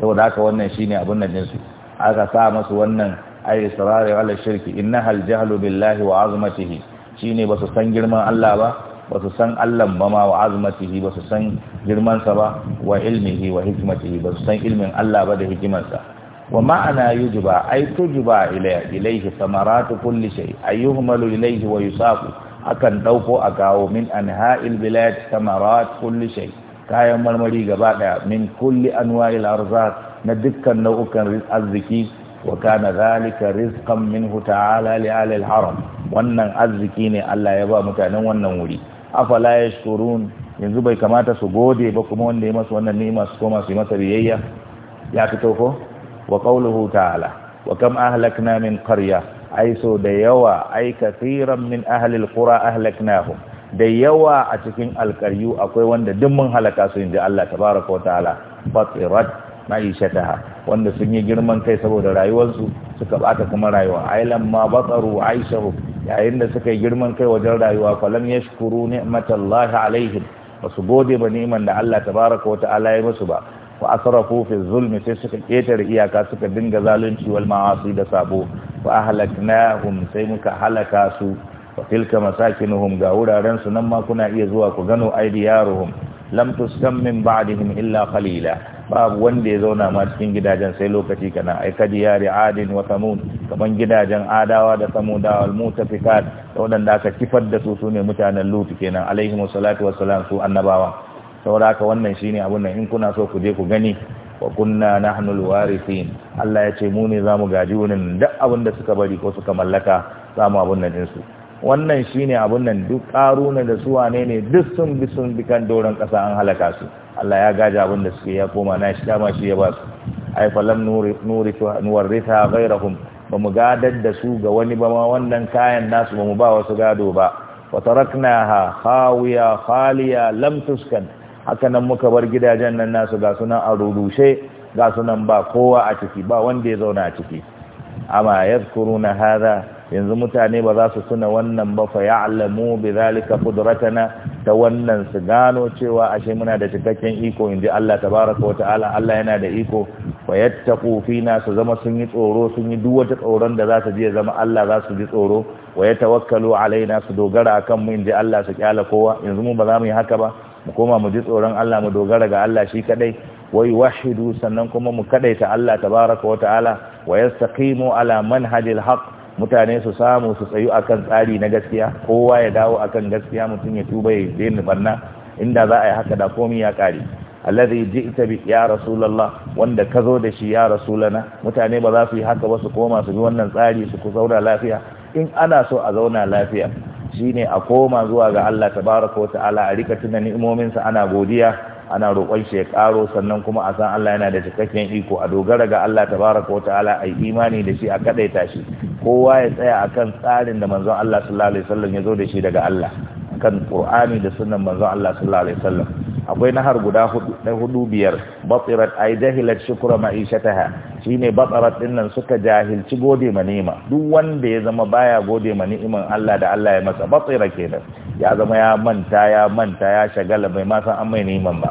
saboda haka wannan shine abin nan su aka sa masu wannan ayi israri ala shirki innahal jahlu billahi wa azmatihi shine ba su san girman Allah ba ba su san Allah ba ma wa ba su san girmansa ba wa ilmihi wa hikmatihi ba su san ilmin Allah ba da hikimarsa wa ma'ana yujba ay tujba ilayhi samaratu kulli shay ayuhmalu ilayhi wa Yusafu akan dauko a kawo min anha'il bilad samarat kulli shay kayan marmari gaba daya min kulli anwa'il arzaq na dukkan nau'ukan arziki wa kana zalika rizqan minhu ta'ala li al-haram wannan arziki ne Allah ya ba mutanen wannan wuri afala shukurun yanzu bai kamata su gode ba kuma wanda ya masu wannan nema su koma su yi masa biyayya ya fito ko wa kauluhu ta'ala wa kam ahlakna min qarya ai so da yawa ai kathiran min ahli alqura ahlaknahu da yawa a cikin alkaryu akwai wanda duk mun halaka su inji Allah tabaraka wa ta'ala fatirat ma'ishataha wanda sun yi girman kai saboda rayuwarsu suka bata kuma rayuwa ailan ma batsaru aishahu yayin da suka yi girman kai wajen rayuwa falam yashkuru ni'matallahi alaihim basu gode ba ni'man da Allah tabaraka wata'ala ya musu ba wa asrafu fi zulmi sai suka ketare iyaka suka dinga zalunci wal ma'asi da sabo fa ahlaknahum sai muka halaka su wa tilka masakinuhum ga wuraren su nan ma kuna iya zuwa ku gano aidiyaruhum lam tuskan min ba'dihim illa qalila babu wanda ya zauna ma cikin gidajen sai lokaci kana ai kadi yari adin wa samud kaman gidajen adawa da wal mutafikat da wadanda aka kifar da su sune mutanen lutu kenan alaihi salatu wassalam su annabawa saboda wannan shine abun nan in kuna so ku je ku gani wa kunna nahnu alwarithin Allah ya ce mu ne zamu gaji wurin duk abin da suka bari ko suka mallaka zamu abun nan din su wannan shine abun nan duk karuna da su ne duk sun bi sun bi kan doron kasa an halaka su Allah ya gaja abin da suke ya koma na shi dama shi ya ba su ai falam nuri nuwarrita ghairahum ba mu gadar da su ga wani ba ma wannan kayan nasu ba mu ba wasu gado ba wa taraknaha khawiya khaliya lam tuskan haka nan muka bar gidajen nan nasu ga sunan a rurushe ga sunan ba kowa a ciki ba wanda ya zauna a ciki amma yadhkuruna hadha yanzu mutane ba za su suna wannan ba fa ya'lamu bi zalika qudratana ta wannan su gano cewa ashe muna da cikakken iko inji Allah tabaraka wa ta'ala Allah yana da iko wa yattaqu fina su zama sun yi tsoro sun yi duk wata tsoron da za su ji zama Allah za su ji tsoro wa yatawakkalu alaina su dogara akan mu inji Allah su kyala kowa yanzu mu ba za mu yi haka ba mu koma mu ji tsoron Allah mu dogara ga Allah shi kadai wai wahidu sannan kuma mu kadaita Allah tabaraka wa ta'ala wa yastaqimu ala manhajil haqq mutane su samu su tsayu akan tsari na gaskiya kowa ya dawo akan gaskiya mutum ya tuba ya daina barna inda za a yi haka da komi ya kare alladhi ji'ta bi ya rasulullah wanda ka zo da shi ya rasulana mutane ba za su yi haka ba su koma su bi wannan tsari su ku zauna lafiya in ana so a zauna lafiya shine a koma zuwa ga Allah tabaraka wa ta'ala a rika da ni'imominsa ana godiya ana roƙon shi ya ƙaro sannan kuma a san Allah yana da cikakken iko a dogara ga Allah tabaraka wa ta'ala ai imani da shi a kadaita shi kowa ya tsaya akan tsarin da manzon Allah sallallahu alaihi wasallam ya zo da shi daga Allah kan Qur'ani da sunnan manzon Allah sallallahu alaihi wasallam akwai nahar guda hudu biyar batsirat ai jahilat shukura ma'ishataha shine batsirat ɗin nan suka jahilci gode ma ni'ima duk wanda ya zama baya gode ma ni'iman Allah da Allah ya masa batsira kenan ya zama ya manta ya manta ya shagala bai ma san an mai ni'iman ba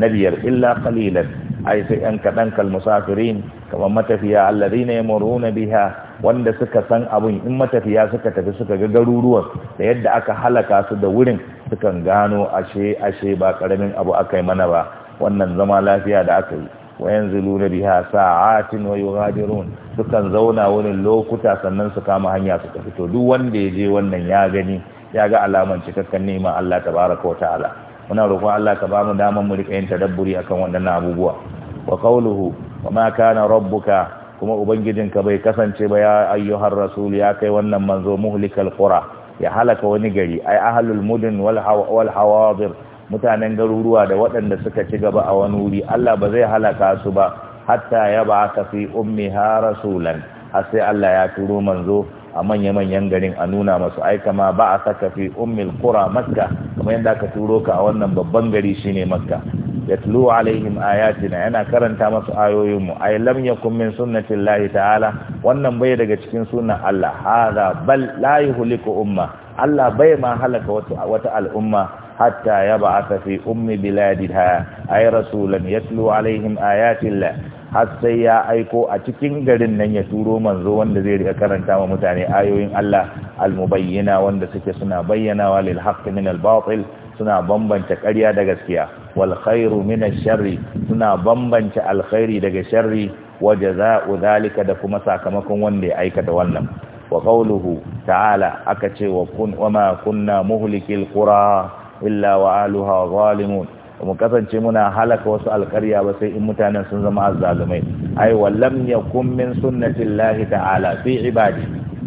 na biyar illa qalilan ai sai an kadan kal musafirin kamar matafiya alladhina yamuruna biha wanda suka san abin in matafiya suka tafi suka ga garuruwan da yadda aka halaka su da wurin sukan gano ashe ashe ba karamin abu aka yi mana ba wannan zama lafiya da aka yi wayan zuluna biha sa'atin wa yughadirun sukan zauna wurin lokuta sannan su kama hanya su tafi to duk wanda ya je wannan ya gani ya ga alaman cikakken neman Allah tabaraka wa ta'ala muna roƙon Allah ka bamu daman mu rika yin tadabburi akan wannan abubuwa wa qawluhu wa ma kana rabbuka kuma ubangijinka bai kasance ba ya ayyuhar rasul ya kai wannan manzo muhlikal qura ya halaka wani gari ai ahlul mudun wal hawadir mutanen garuruwa da waɗanda suka ci gaba a wani wuri Allah ba zai halaka su ba hatta ya ba ka fi ummiha rasulan har sai Allah ya turo manzo a manya-manyan garin a nuna masu aika ma ba a saka fi ummil qura makka kuma yadda ka turo ka a wannan babban gari shine makka ya tulu alaihim ayatina yana karanta masu ayoyin mu ay lam yakun min sunnati llahi ta'ala wannan bai daga cikin sunnan Allah hada bal la yuhliku umma Allah bai ma halaka wata wata al'umma hatta yab'atha fi ummi biladiha ay rasulan yatlu alaihim ayatillah har sai ya aiko a cikin garin nan ya turo manzo wanda zai rika karanta wa mutane ayoyin Allah al wanda suke suna bayyanawa lil haqq min al-batil suna bambanta ƙarya da gaskiya wal khairu min ash-sharri suna bambanta alkhairi daga sharri wa jazaa'u zalika da kuma sakamakon wanda ya aikata wannan wa qawluhu ta'ala aka ce wa kun wa ma kunna muhlikil qura illa wa aluha zalimun mu kasance muna halaka wasu alkarya ba sai in mutanen sun zama azzalumai ai wallam yakun min sunnatillahi ta'ala fi ibadi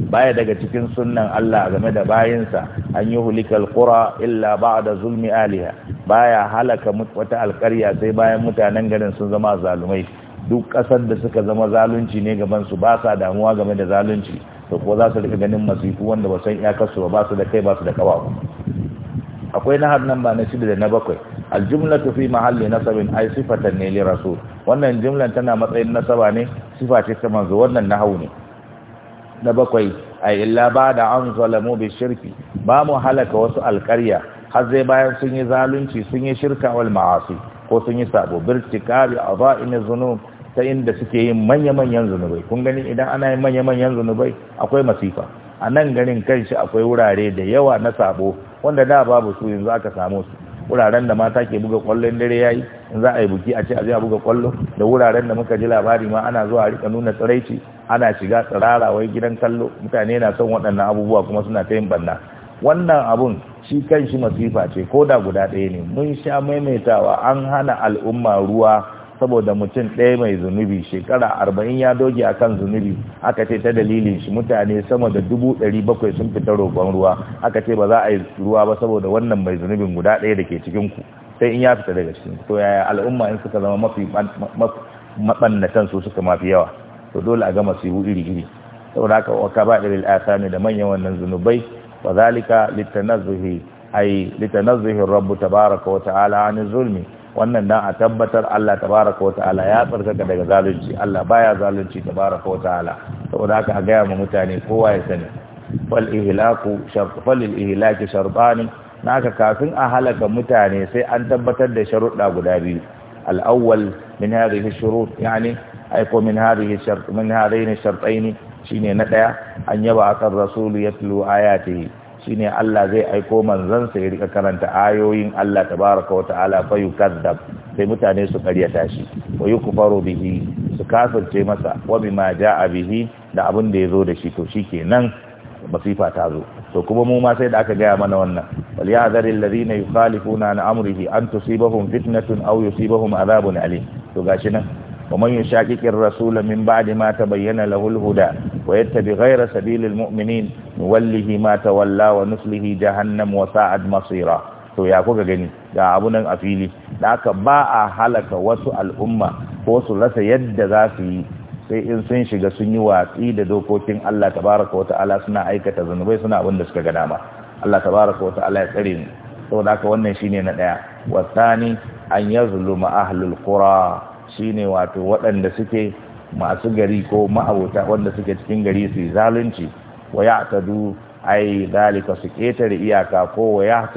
baya daga cikin sunnan Allah game da bayinsa an yi hulikal kura illa ba da zulmi aliha baya halaka wata alkarya sai bayan mutanen garin sun zama zalumai duk ƙasar da suka zama zalunci ne gaban su ba sa damuwa game da zalunci to ko za su rika ganin masifu wanda ba san iyakarsu ba ba su da kai ba su da kawawa akwai na nan ba na shida da na bakwai aljumla tu fi mahalli nasabin ai sifatan ne li rasul wannan jumlan tana matsayin nasaba ne sifa ce ta manzo wannan nahwu ne na bakwai ai illa ba'da an zalamu bi shirki ba mu halaka wasu alƙarya har zai bayan sun yi zalunci sun yi shirka wal ma'asi ko sun yi sabo birtikabi ina zunub ta inda suke yin manya-manyan zunubai kun gani idan ana yin manya-manyan zunubai akwai masifa a nan ganin kanshi akwai wurare da yawa na sabo wanda da babu su yanzu aka samu su wuraren da mata ke buga kwallon dare yayi in za a yi buki a ce a je a buga kwallo da wuraren da muka ji labari ma ana zuwa rika nuna tsiraici ana shiga tsirara wai gidan kallo mutane na son waɗannan abubuwa kuma suna ta yin banna wannan abun shi kanshi masifa ce ko da guda ɗaya ne mun sha maimaitawa an hana al'umma ruwa saboda mutum ɗaya mai zunubi shekara arba'in ya doge a kan zunubi aka ce ta dalilin shi mutane sama da dubu ɗari bakwai sun fita roƙon ruwa aka ce ba za a yi ruwa ba saboda wannan mai zunubin guda ɗaya da ke cikin ku. sai in ya fita daga cikin to yaya al'umma in suka zama mafi maɓannatan su suka mafi yawa to dole a gama su iri iri saboda haka wa kaba ɗari ne da manyan wannan zunubai wa zalika litanazzuhi ay litanazzuhi rabbu tabaraka wa ta'ala zulmi wannan dan a tabbatar Allah tabaraka wataala ya tsarkaka daga zalunci Allah baya zalunci tabaraka wataala saboda haka a gaya ma mutane kowa ya sani fal ihlaku shart fal ihlaki shartani naka kafin a halaka mutane sai an tabbatar da sharuɗa guda biyu al-awwal min hadhihi shurut yani aiko min hadhihi shart min hadaini shartaini shine na daya an yaba akan rasulu yatlu ayatihi shine Allah zai aiko manzansa ya rika karanta ayoyin Allah tabaraka wata'ala fa yukazzab sai mutane su karyata shi wa yukfaru bihi su kafirce masa wa bima jaa bihi da abin da yazo da shi to shikenan masifa ta zo to kuma mu ma sai da aka gaya mana wannan wal ya'zari alladhina yukhalifuna an amrihi an tusibahum fitnatun aw yusibahum adhabun alim to gashi nan ومن يشاكك الرسول من بعد ما تبين له الهدى ويتبع غير سبيل المؤمنين nuwallihi ma tawalla wa nuslihi jahannam wa sa'ad masira to ya kuka gani ga abu nan a fili da aka ba a halaka wasu al'umma ko su rasa yadda za su yi sai in sun shiga sun yi watsi da dokokin Allah tabaraka wa ta'ala suna aikata zanubai suna abin da suka ga dama Allah tabaraka wa ta'ala ya tsare ni. saboda haka wannan shine na daya wasani an yazluma ahlul qura shine wato waɗanda suke masu gari ko maabota wanda suke cikin gari su zalunci wa ya'tadu ai dalika su ketare iyaka ko wa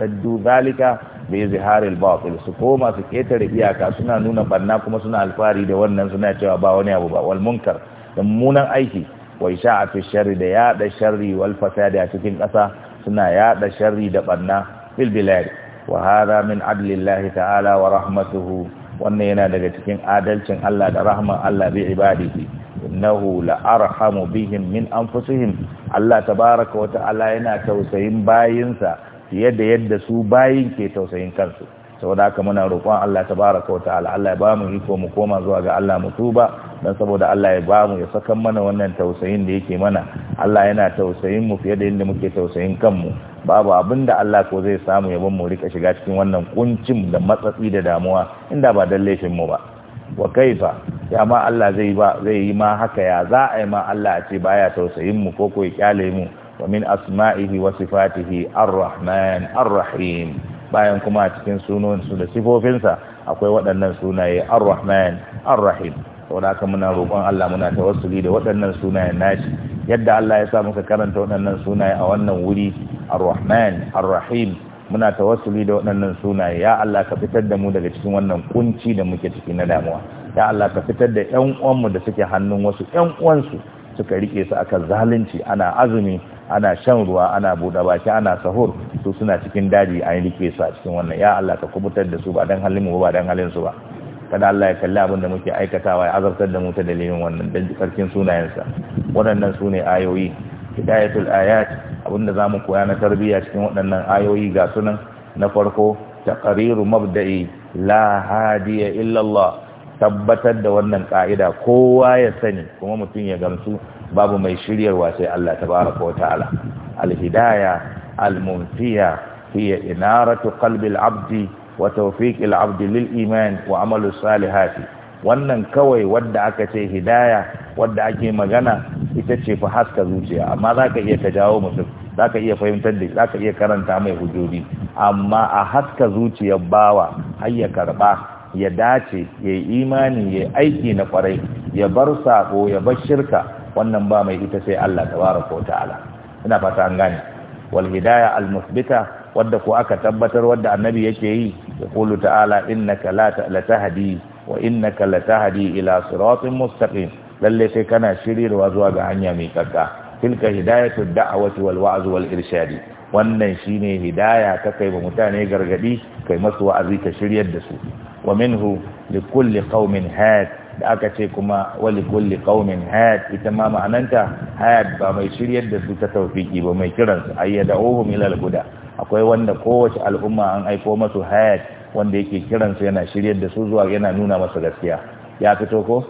bai dalika ba izharil batil su koma su ketare iyaka suna nuna banna kuma suna alfahari da wannan suna cewa ba wani abu ba Walmunkar, munkar da mummunan aiki wa isha'atu sharri da yaɗa sharri wal da cikin ƙasa suna yada sharri da banna fil bilad wa hada min adlillahi ta'ala wa rahmatuhu wannan yana daga cikin adalcin Allah da rahman Allah bi ibadihi innahu la'arhamu bihim min anfusihim Allah tabaraka wa ta'ala yana tausayin bayinsa fiye da yadda su bayin ke tausayin kansu saboda haka muna roƙon Allah tabaraka wa ta'ala Allah ya ba mu iko mu koma zuwa ga Allah mu tuba dan saboda Allah ya ba mu ya saka mana wannan tausayin da yake mana Allah yana tausayin mu fiye da yadda muke tausayin kanmu babu abinda Allah ko zai samu ya ban mu rika shiga cikin wannan kuncin da matsatsi da damuwa inda ba don shin mu ba wa kaifa ya ma Allah zai zai yi ma haka ya za a yi ma Allah a ce baya tausayin mu ko ko kyale mu wa min asma'ihi wa sifatihi ar-rahman ar-rahim bayan kuma a cikin su da sifofinsa akwai waɗannan sunaye ar-rahman ar-rahim haka muna roƙon Allah muna tawassuli da waɗannan sunayen nashi yadda Allah ya sa muka karanta waɗannan sunaye a wannan wuri ar-rahman ar-rahim muna tawassuli da waɗannan sunaye ya Allah ka fitar da mu daga cikin wannan kunci da muke ciki na damuwa ya Allah ka fitar da ƴan uwanmu da suke hannun wasu ƴan uwansu suka rike su aka zalunci ana azumi ana shan ruwa ana buɗe baki ana sahur su suna cikin daji an rike su a cikin wannan ya Allah ka kubutar da su ba dan halin mu ba dan halin su ba kada Allah ya kalli abin da muke aikatawa ya azabtar da mu ta dalilin wannan dan karkin sunayensa waɗannan sune ayoyi hidayatul ayat abinda zamu koya na tarbiyya cikin waɗannan ayoyi ga sunan na farko taqriru mabda'i la hadiya illa Allah tabbatar da wannan ka'ida kowa ya sani kuma mutum ya gamsu babu mai shiryarwa sai Allah tabaraka wa ta'ala al-hidaya al-munfiya hiya inaratu qalbi al-abdi wa tawfiq al-abdi lil iman wa amalu salihati wannan kawai wadda aka ce hidaya wadda ake magana ita ce fa haska zuciya amma za ka iya ta jawo mutum za ka iya fahimtar da za ka iya karanta mai hujjobi amma a haska zuciyar bawa har ya karba ya dace ya yi imani ya aiki na kwarai ya bar sako ya bar shirka wannan ba mai ita sai Allah tabaraka wa ta'ala ina fata an gane wal hidaya al musbita wadda ko aka tabbatar wadda annabi yake yi ya kulu ta'ala innaka la tahdi wa innaka latahdi ila siratin mustaqim lalle sai kana shiryarwa zuwa ga hanya mai kakka tilka hidayatu da'wati wal wa'z wal irshadi wannan shine hidaya ta kai ba mutane gargadi kai masu wa'azi ka shiryar da su wa minhu likulli qaumin had da aka ce kuma wa likulli qaumin had ita ma ma'ananta had ba mai shiryar da su ta tawfiki ba mai kiransu ayyada'uhum ila al-huda akwai wanda kowace al'umma an aiko masu had wanda yake kiransu yana shiryar da su zuwa yana nuna masa gaskiya ya fito ko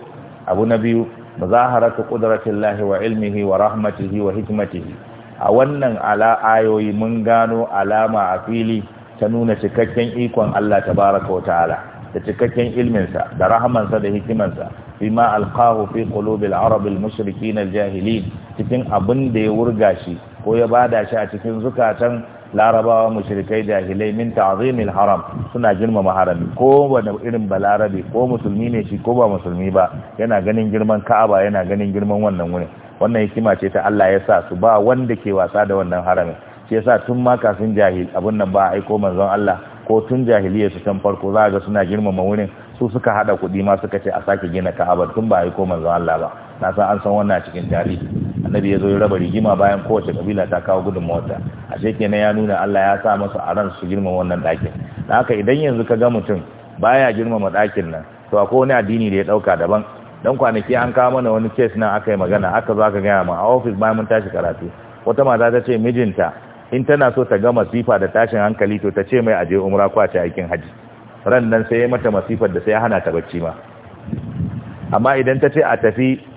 abu na biyu muzaharatu qudratillahi wa ilmihi wa rahmatihi wa hikmatihi a wannan ala ayoyi mun gano alama a fili ta nuna cikakken ikon Allah tabaraka ta'ala da cikakken ilminsa da rahamansa da hikimansa bima alqahu fi qulubil arab al mushrikin al jahilin cikin abin da ya wurga shi ko ya bada shi a cikin zukatan larabawa mushirikai, jahilai min ta'zimil haram suna girmama harami ko wanda irin balarabi, ko musulmi ne shi ko ba musulmi ba yana ganin girman ka'aba yana ganin girman wannan wurin wannan hikima ce ta Allah ya sa su ba wanda ke wasa da wannan haramin shi yasa tun ma kafin jahil abun nan ba aiko manzon Allah ko tun jahiliya su can farko za ga suna girmama wurin su suka hada kuɗi ma suka ce a sake gina ka'aba tun ba a aiko manzon Allah ba na san an san wannan a cikin tarihi annabi ya zo ya raba rigima bayan kowace kabila ta kawo gudun mota a na ya nuna Allah ya sa masa a ran su girmama wannan ɗakin da haka idan yanzu ka ga mutum baya girmama ɗakin nan to akwai wani addini da ya ɗauka daban dan kwanaki an kawo mana wani kes nan aka yi magana aka zo aka gaya ma a ofis bayan mun tashi karatu wata mata ta ce mijinta in tana so ta ga masifa da tashin hankali to ta ce mai aje umra kwace aikin haji ran nan sai ya mata masifar da sai ya hana ta bacci ma amma idan ta ce a tafi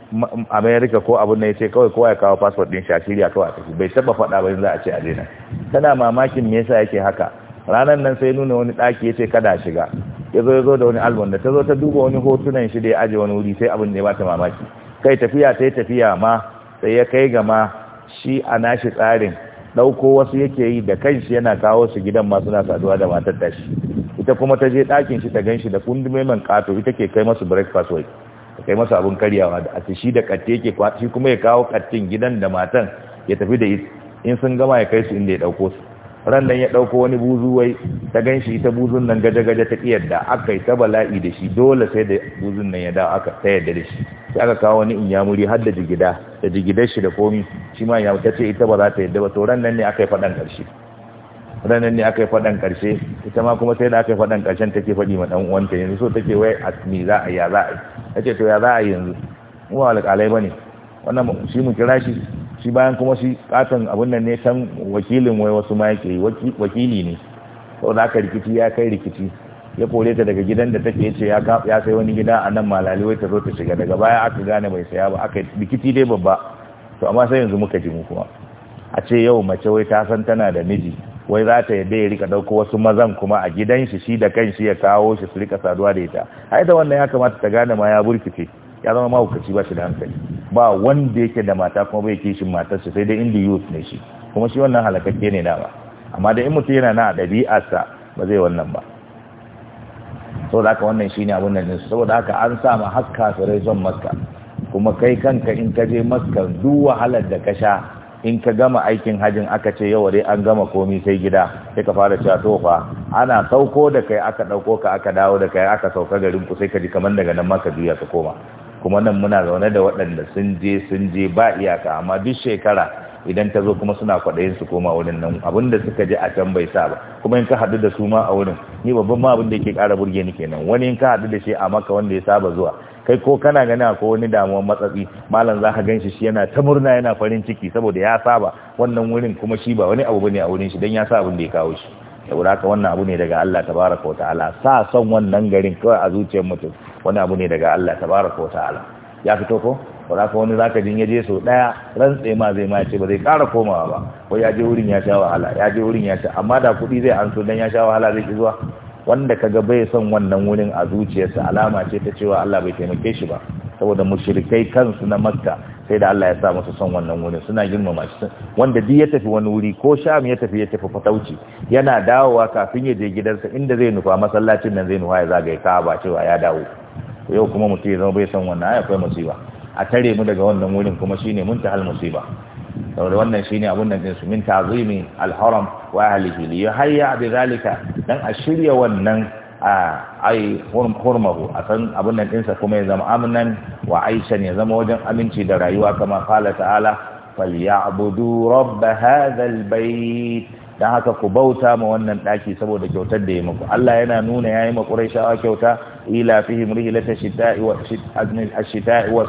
america ko abin da ya ce kawai kowa ya kawo passport din shashiriya kawai a bai taba faɗa ba za a ce a daina tana mamakin me yasa yake haka ranar nan sai nuna wani ɗaki ya ce kada shiga ya zo ya zo da wani album da ta zo ta duba wani hotunan shi da ya aje wani wuri sai abin da ya bata mamaki kai tafiya ta tafiya ma sai ya kai ga ma shi a nashi tsarin ɗauko wasu yake yi da kanshi yana kawo su gidan ma suna saduwa da matar tashi ita kuma ta je ɗakin shi ta gan shi da kundume man ƙato ita ke kai masu breakfast wai ka kai masa abin karyawa da ake shi da katte yake shi kuma ya kawo kattin gidan da matan ya tafi da in sun gama ya kai su inda ya dauko su ran nan ya dauko wani buzu wai ta ganshi ita buzun nan gaje-gaje ta da aka yi ta bala'i da shi dole sai da buzun nan ya dawo aka ta yarda da shi sai aka kawo wani inyamuri har da jigida da jigidar shi da komi shi ma ya ta ce ita ba za ta yarda ba to ran nan ne aka yi faɗan ƙarshe ranar ne aka yi faɗan ƙarshe ita ma kuma sai da aka yi faɗan ƙarshen take faɗi ma ɗan uwanta yanzu so take wai a me za a ya za a yi ce to ya za a yanzu mu ba alƙalai ba ne wannan shi mu kira shi shi bayan kuma shi katon abin nan ne can wakilin wai wasu ma yake wakili ne ko da aka rikici ya kai rikici ya kore ta daga gidan da take ce ya sai wani gida a nan malali wai ta zo ta shiga daga baya aka gane bai saya ba aka rikici dai babba to amma sai yanzu muka ji mu kuma a ce yau mace wai ta san tana da miji wai za ta yadda ya rika dauko wasu mazan kuma a gidan shi shi da kanshi ya kawo shi su rika saduwa da ita a da wannan ya kamata ta gane ma ya burkice ya zama mahaukaci ba shi da hankali ba wanda yake da mata kuma bai kishin matar shi sai dai inda youth ne shi kuma shi wannan halakakke ne dama amma da in mutum yana na ɗabi'arsa ba zai wannan ba saboda haka wannan shine abin nan ne saboda haka an sa ma su rai zon maska kuma kai kanka in ka je maska duk wahalar da ka sha in ka gama aikin hajin aka ce yau dai an gama komi sai gida sai ka fara cewa to fa ana sauko da kai aka dauko ka aka dawo da kai aka sauka garin ku sai ka ji kaman daga nan maka juya ka koma kuma nan muna zaune da waɗanda sun je sun je ba iyaka amma duk shekara idan ta zo kuma suna kwaɗayin su koma wurin nan abinda suka je a can bai sa ba kuma in ka haɗu da su ma a wurin ni babban ma abin da yake ƙara burge ni kenan wani in ka haɗu da shi a maka wanda ya saba zuwa kai ko kana gani akwai wani damuwar matsatsi malam za ka gan shi shi yana ta murna yana farin ciki saboda ya saba wannan wurin kuma shi ba wani abu bane a wurin shi dan ya sa abin da ya kawo shi saboda haka wannan abu ne daga Allah tabaraka ta'ala sa son wannan garin kawai a zuciyar mutum wani abu ne daga Allah tabaraka ta'ala. ya fito ko saboda haka wani zaka jin yaje so daya rantse ma zai ma ce ba zai kara komawa ba ko ya je wurin ya sha wahala ya je wurin ya sha amma da kuɗi zai an so dan ya sha wahala zai ki zuwa wanda kaga bai son wannan wurin a zuciyarsa alama ce ta cewa Allah bai taimake shi ba saboda mushrikai kansu na Makka sai da Allah ya sa musu son wannan wurin suna girmama shi wanda duk ya tafi wani wuri ko Sham ya tafi ya tafi fatauci yana dawowa kafin ya je gidansa inda zai nufa masallacin nan zai nufa ya zagaye Ka'aba cewa ya dawo yau kuma mutum ya zama bai son wannan ai akwai musiba a tare mu daga wannan wurin kuma shine mun ta hal musiba saboda wannan shine abun da su min ta'zimi al-haram wa ahlihi li yahya bi zalika dan a shirya wannan a ai hurmahu a san abun kuma ya zama amnan wa aishan ya zama wajen aminci da rayuwa kama qala ta'ala falyabudu rabb hadha al-bayt don haka ku bauta ma wannan ɗaki saboda kyautar da ya muku Allah yana nuna ya yi ma ƙuraishawa kyauta ila fihim rihilata shita'i wa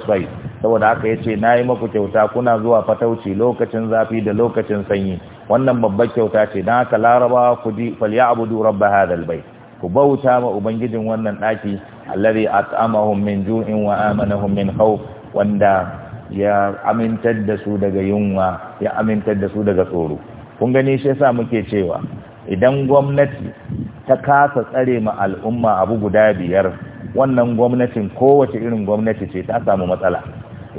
sai saboda haka ya ce na yi maku kyauta kuna zuwa fatauci lokacin zafi da lokacin sanyi wannan babbar kyauta ce don haka larabawa ku ji falya abudu rabba hadal bai ku bauta ma ubangijin wannan ɗaki alladhi at'amahum min ju'in wa amanahum min khawf wanda ya amintar da su daga yunwa ya amintar da su daga tsoro kun gani shi yasa muke cewa idan gwamnati ta kasa tsare ma al'umma abu guda biyar wannan gwamnatin kowace irin gwamnati ce ta samu matsala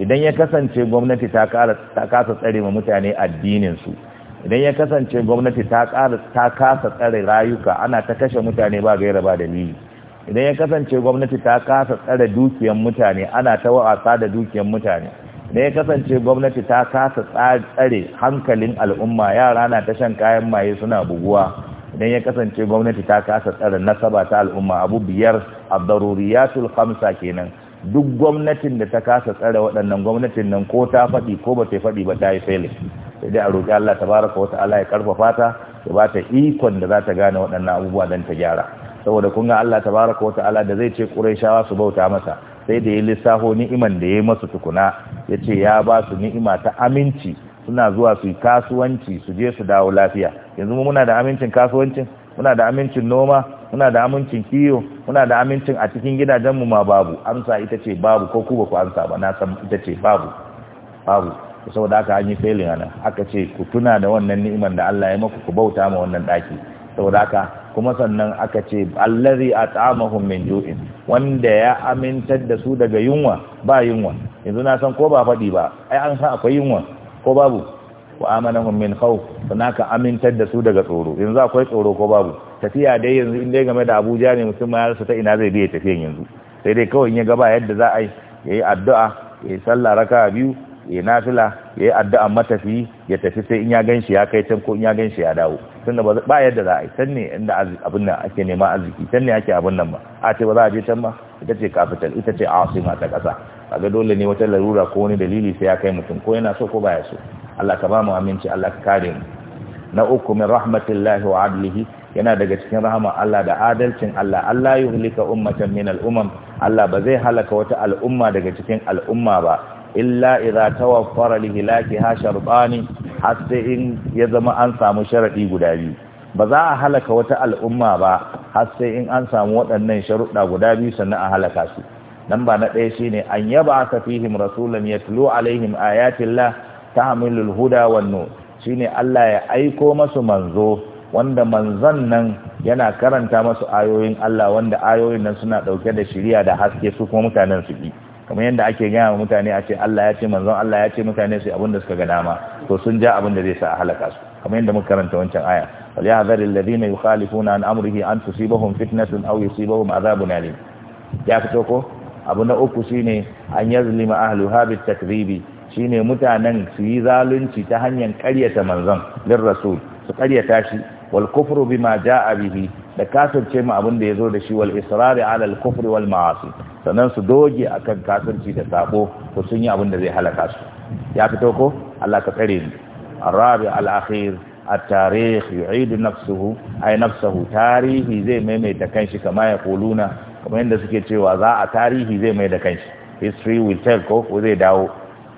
idan ya kasance gwamnati ta kasa tsare ma mutane addininsu idan ya kasance gwamnati ta kasa tsare rayuka ana ta kashe mutane ba gaira ba dalili idan ya kasance gwamnati ta kasa tsare dukiyan mutane ana ta wa'asa da dukiyan mutane da ya kasance gwamnati ta kasa tsare hankalin al'umma yara na ta shan kayan maye suna buguwa idan ya kasance gwamnati ta kasa tsare nasaba ta al'umma abu biyar ad hamsa khamsa kenan duk gwamnatin da ta kasa tsare waɗannan gwamnatin nan ko ta faɗi ko ba ta faɗi ba ta yi fele sai dai a roƙi Allah tabaraka wa ta'ala ya karfafa ta ya ba ta ikon da za ta gane waɗannan abubuwa don ta gyara saboda kun ga Allah tabaraka wa ta'ala da zai ce Qurayshawa su bauta masa sai da ya lissaho ni'iman da ya yi masu tukuna ya ce ya ba su ni'ima ta aminci suna zuwa su yi kasuwanci su je su dawo lafiya yanzu mu muna da amincin kasuwancin muna da amincin noma muna da amincin kiyo muna da amincin a cikin gidajenmu ma babu amsa ita ce babu ko ku ku amsa ba na san ita ce babu babu saboda haka an yi failing ana aka ce ku tuna da wannan ni'imar da Allah ya maku ku bauta ma wannan daki saboda haka kuma sannan aka ce allazi at'amahum min ju'in wanda ya amintar da su daga yunwa ba yunwa yanzu na san ko ba faɗi ba ai an san akwai yunwa ko babu wa amanahum min khawf sanaka amintar da su daga tsoro yanzu akwai tsoro ko babu tafiya dai yanzu in dai game da Abuja ne mutum ma ya rasa ta ina zai biye tafiya yanzu sai dai kawai in ya gaba yadda za a yi yayi addu'a yayi sallah raka'a biyu yayi nafila yayi addu'a matafi ya tafi sai in ya ganshi ya kai can ko in ya ganshi ya dawo tunda ba yadda za a yi sanne inda abin nan ake nema arziki sanne ne ake abin nan ba a ce ba za a je can ba ita ce capital ita ce asima ta kasa kaga dole ne wata larura ko wani dalili sai ya kai mutum ko yana so ko baya so Allah ka ba mu aminci Allah ka kare mu na uku min rahmatillahi wa adlihi yana daga cikin rahama Allah da adalcin Allah Allah yuhlika ummatan min al-umam Allah ba zai halaka wata al'umma daga cikin al'umma ba illa idza tawaffara li hilakiha shartani har in ya zama an samu sharadi guda biyu ba za a halaka wata al'umma ba har sai in an samu waɗannan sharuɗa guda biyu sannan a halaka su nan ba na ɗaya shine an yaba aka fihim rasulan yatlu alaihim ayatillah tahmilul huda wan nur shine Allah ya aiko masu manzo wanda manzon nan yana karanta masu ayoyin Allah wanda ayoyin nan suna ɗauke da shiriya da haske su kuma mutanen su kamar yadda ake gaya wa mutane a ce Allah ya ce manzon Allah ya ce mutane su abin da suka ga dama to sun ja abin da zai sa a halaka su kamar yadda muka karanta wancan aya فليحذر alladhina yukhalifuna an amrihi an tusibahum fitnatun aw yusibahum adhabun alim ya fito ko abu na uku shine an yazlima ahlu habit takribi shine mutanen su yi zalunci ta hanyar karyata manzon lir rasul su karyata shi wal kufru bima jaa bihi da kasance mu abin da yazo da shi wal israr ala al kufri wal ma'asi sannan su doge akan kasance da sabo ko sun yi abin da zai halaka su ya fito ko Allah ka tsare ni arabi al akhir التاريخ يعيد tarihi zai maimaita kanshi kamar ما يتكنش كما يقولون كما عند سكي تشيوا ذا kanshi زي ما kanshi history will tell ko zai dawo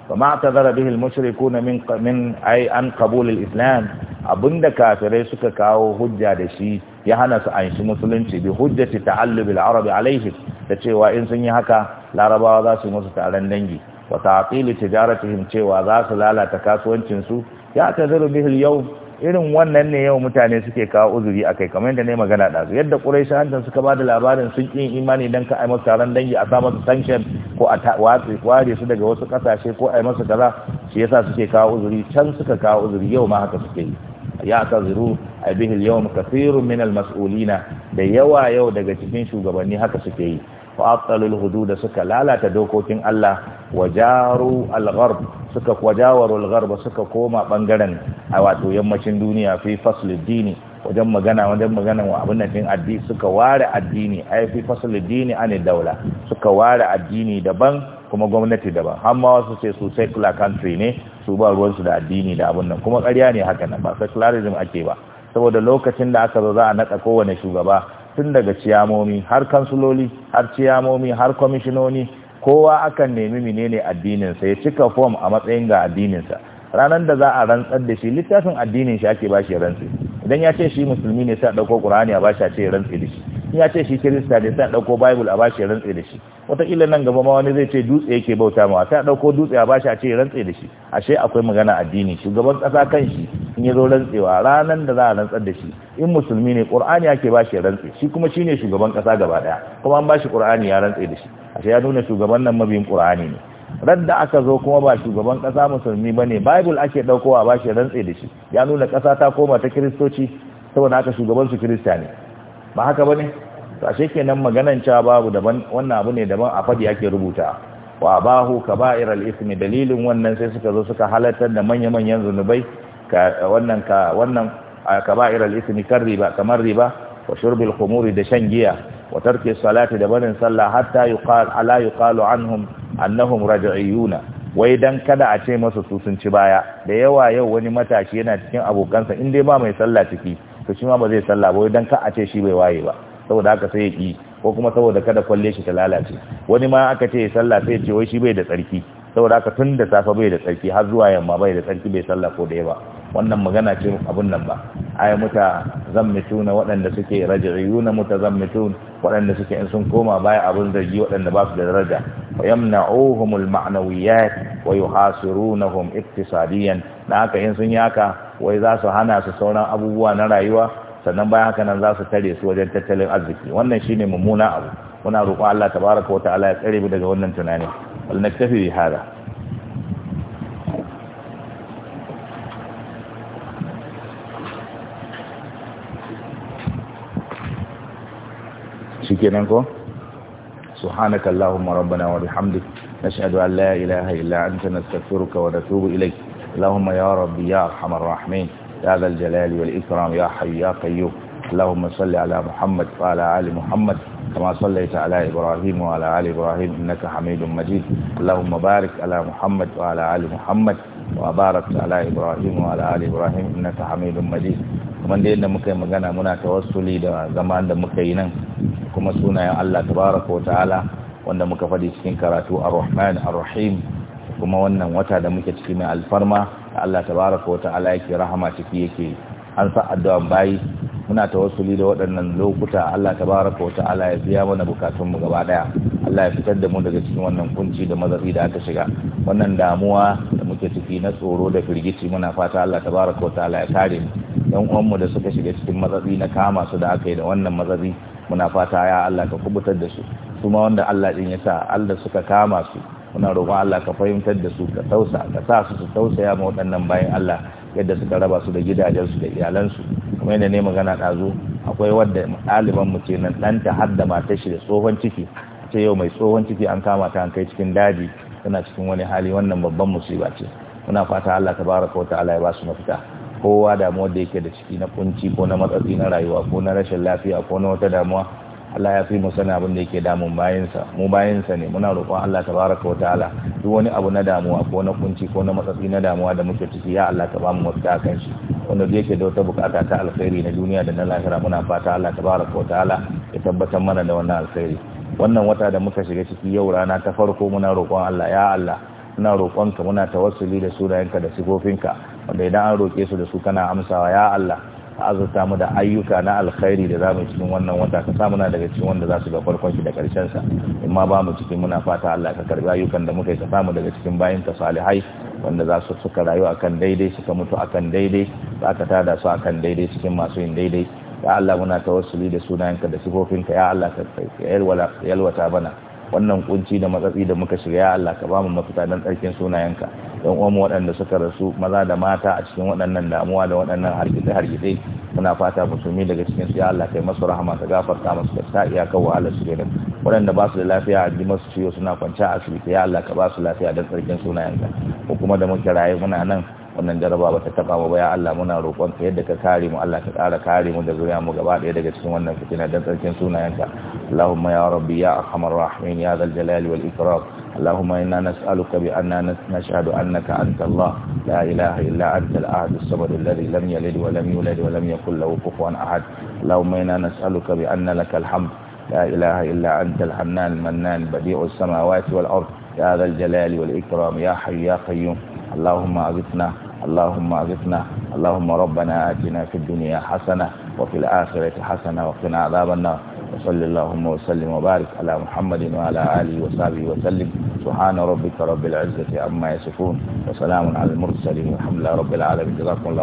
فما اعتذر به المشركون من من اي عن قبول الاسلام abinda kafirai suka kawo hujja da shi ya hana su an shi musulunci bi hujjati ta'allub al-arab alaihim da cewa in sun yi haka larabawa za su musu taron dangi wa ta'til tijaratihim cewa za su lalata kasuwancin su ya tazaru bihi al irin wannan ne yau mutane suke kawo uzuri a kai kamar yadda ne magana da su yadda quraish hantar suka ba da labarin sun ƙin imani don ka aimasu taron dangi a samun masa sanction ko a watsi su daga wasu ƙasashe ko aimasu masu kaza shi yasa suke kawo uzuri can suka kawo uzuri yau ma haka suke yi ya ziru a bihil yawm kafirun min mas'ulina da yawa yau daga cikin shugabanni haka suke yi fa'attalul hudud suka lalata dokokin Allah wajaru al-gharb suka wajawaru al-gharb suka koma bangaren a wato yammacin duniya fi faslid dini wajen magana wajen magana wa abin nan addini suka ware addini ai fi faslid dini an daula suka ware addini daban kuma gwamnati daban amma wasu ce su secular country ne su ba ruwansu da addini da abin nan kuma ƙarya ne haka nan ba secularism ake ba saboda lokacin da aka zo za a naɗa kowane shugaba tun daga ciyamomi har kansuloli har ciyamomi har kwamishinoni kowa akan nemi menene addininsa ya cika fom a matsayin ga addininsa ranar da za a rantsar da shi littafin addinin shi ake bashi rantsi idan ya ce shi musulmi ne sai a ɗauko ƙur'ani a bashi a ce rantsi da shi ya ce shi kirista da sai dauko bible a bashi rantsi da shi wataƙila nan gaba ma wani zai ce dutse yake bauta ma sai dauko dutse a bashi a ce rantsi da shi ashe akwai magana addini shugaban ƙasa kan shi in ya zo rantsewa ranan da za a rantsar da shi in musulmi ne qur'ani yake bashi rantsi shi kuma shine shugaban ƙasa gaba daya kuma an bashi qur'ani ya rantsi da shi ashe ya nuna shugaban nan mabiyin qur'ani ne da aka zo kuma ba shugaban kasa musulmi ba ne bible ake ɗaukowa ba shi rantsi da shi ya nuna kasa ta koma ta kristoci saboda haka shugaban su kirista ne ba haka ba ne sashe kenan maganan cewa babu daban wannan abu ne daban a fadi ake rubuta wa bahu kaba'ir ismi dalilin wannan sai suka zo suka halartar da manya-manyan zunubai ka wannan ka wannan kaba'ir ismi kan riba kamar riba wa shurbil khumuri da shan giya wa tarki salati da barin sallah hatta yuqal ala yuqalu anhum annahum raj'iyuna wai dan kada a ce masa su sun ci baya da yawa yau wani matashi yana cikin abokansa in dai ba mai sallah ciki to shi ma ba zai sallah ba dan ka a ce shi bai waye ba saboda haka sai ya ki ko kuma saboda kada kwalle shi ta lalace wani ma aka ce ya sallah sai ya ce wai shi bai da tsarki saboda haka tun da safe bai da tsarki har zuwa yamma bai da tsarki bai sallah ko da ba wannan magana ce abun nan ba ay muta zammituna waɗanda suke raji'una mutazammitun waɗanda suke in sun koma baya abun zargi waɗanda ba su da daraja wa yamna'uhumul ma'nawiyat wa yuhasirunahum iktisadiyan na haka in sun yaka wai za su hana su sauran abubuwa na rayuwa sannan bayan haka nan za su tare su wajen tattalin arziki wannan shine mummuna abu muna roƙon Allah tabaraka wa ta'ala ya tsare mu daga wannan tunani wal naktafi bi hada shi kenan ko subhanaka allahumma rabbana wa bihamdik nashhadu an la ilaha illa anta nastaghfiruka wa natubu ilayk allahumma ya rabbi ya arhamar rahman ya dhal jalali wal ikram ya hayy ya qayyum اللهم صل على محمد وعلى آل محمد كما صليت على إبراهيم وعلى آل إبراهيم إنك حميد مجيد اللهم بارك على محمد وعلى آل محمد وباركت على إبراهيم وعلى آل إبراهيم إنك حميد مجيد kamar da yadda muka yi magana muna tawassuli da zama da muka yi nan kuma sunayen Allah tabaraka wa ta'ala wanda muka faɗi cikin karatu ar-Rahman ar-Rahim kuma wannan wata da muke ciki mai alfarma Allah tabaraka wa ta'ala yake rahama ciki yake an sa addu'a bayi muna tawassuli da waɗannan lokuta Allah tabaraka wa ta'ala ya biya mana bukatunmu gaba daya Allah ya fitar da mu daga cikin wannan kunci da mazari da aka shiga wannan damuwa muke ciki na tsoro da firgici muna fata Allah tabaraka wa ta'ala ya kare mu yan uwanmu da suka shiga cikin matsatsi na kama su da aka yi da wannan matsatsi muna fata ya Allah ka kubutar da su kuma wanda Allah din ya sa Allah suka kama su muna roƙon Allah ka fahimtar da su ka tausa ka sa su su tausaya ma waɗannan bayan Allah yadda suka raba su da gidajensu da iyalansu kuma yadda ne magana ɗazu akwai wadda ɗaliban mu ce nan ɗanta har da matar shi da tsohon ciki ce yau mai tsohon ciki an kama ta an kai cikin daji suna cikin wani hali wannan babban musiba ce muna fata Allah baraka wa ta'ala ya ba su mafita kowa damuwa da yake da ciki na kunci ko na matsatsi na rayuwa ko na rashin lafiya ko na wata damuwa Allah ya fi mu sani abin da yake damun bayansa mu bayansa ne muna roƙon Allah ta baraka wa ta'ala duk wani abu na damuwa ko na kunci ko na matsatsi na damuwa da muke ciki ya Allah ta ba mu mafita kan shi wanda da yake da wata bukata ta alkhairi na duniya da na lahira muna fata Allah ta baraka wa ta'ala ya tabbatar mana da wannan alkhairi wannan wata da muka shiga ciki yau rana ta farko muna roƙon Allah ya Allah muna roƙonka muna tawassuli da sunayenka da sifofinka wanda idan an roƙe su da su kana amsawa ya Allah a azurta mu da ayyuka na alkhairi da za mu cikin wannan wata ka muna daga cikin wanda za su ga farkon shi da karshen sa in ma ba mu cikin muna fata Allah ka karbi ayyukan da muka yi ka samu daga cikin bayin ka salihai wanda za su suka rayu akan daidai suka mutu akan daidai za ka tada su akan daidai cikin masu yin daidai ya Allah muna tawassuli da sunayenka da sifofinka ya Allah ka yalwata bana wannan kunci da matsatsi da muka shiga ya Allah ka bamu mafita dan tsarkin sunayenka dan uwan mu waɗanda suka rasu maza da mata a cikin waɗannan damuwa da waɗannan hargitse hargitse muna fata musulmi daga cikin su ya Allah kai masu rahama ka gafarta musu ka sa iyakar wahalar su kenan waɗanda ba su da lafiya a ji masu ciwo suna kwanciya a asibiti ya Allah ka ba su lafiya dan tsarkin sunayenka ko kuma da muke raye muna nan wannan jaraba bata ta taba ba ya Allah muna roƙon ka yadda ka kare mu Allah ka ƙara kare mu da zuriya mu gaba ɗaya daga cikin wannan fitina dan tsarkin sunayenka Allahumma ya rabbi ya arhamar rahimin ya dal jalal wal ikram Allahumma inna nas'aluka bi anna nashhadu annaka anta Allah la illa anta al ahad as samad alladhi lam yalid wa lam yulad wa lam yakul lahu kufuwan ahad Allahumma inna nas'aluka bi anna laka al hamd لا إله إلا أنت الحنان المنان بديع السماوات والأرض يا ذا الجلال والإكرام يا حي يا قيوم اللهم أغثنا اللهم اغثنا اللهم ربنا آتنا في الدنيا حسنة وفي الآخرة حسنة وقنا عذاب النار وصل اللهم وسلم وبارك على محمد وعلى آله وصحبه وسلم سبحان ربك رب العزة عما يصفون وسلام على المرسلين والحمد لله رب العالمين جزاكم الله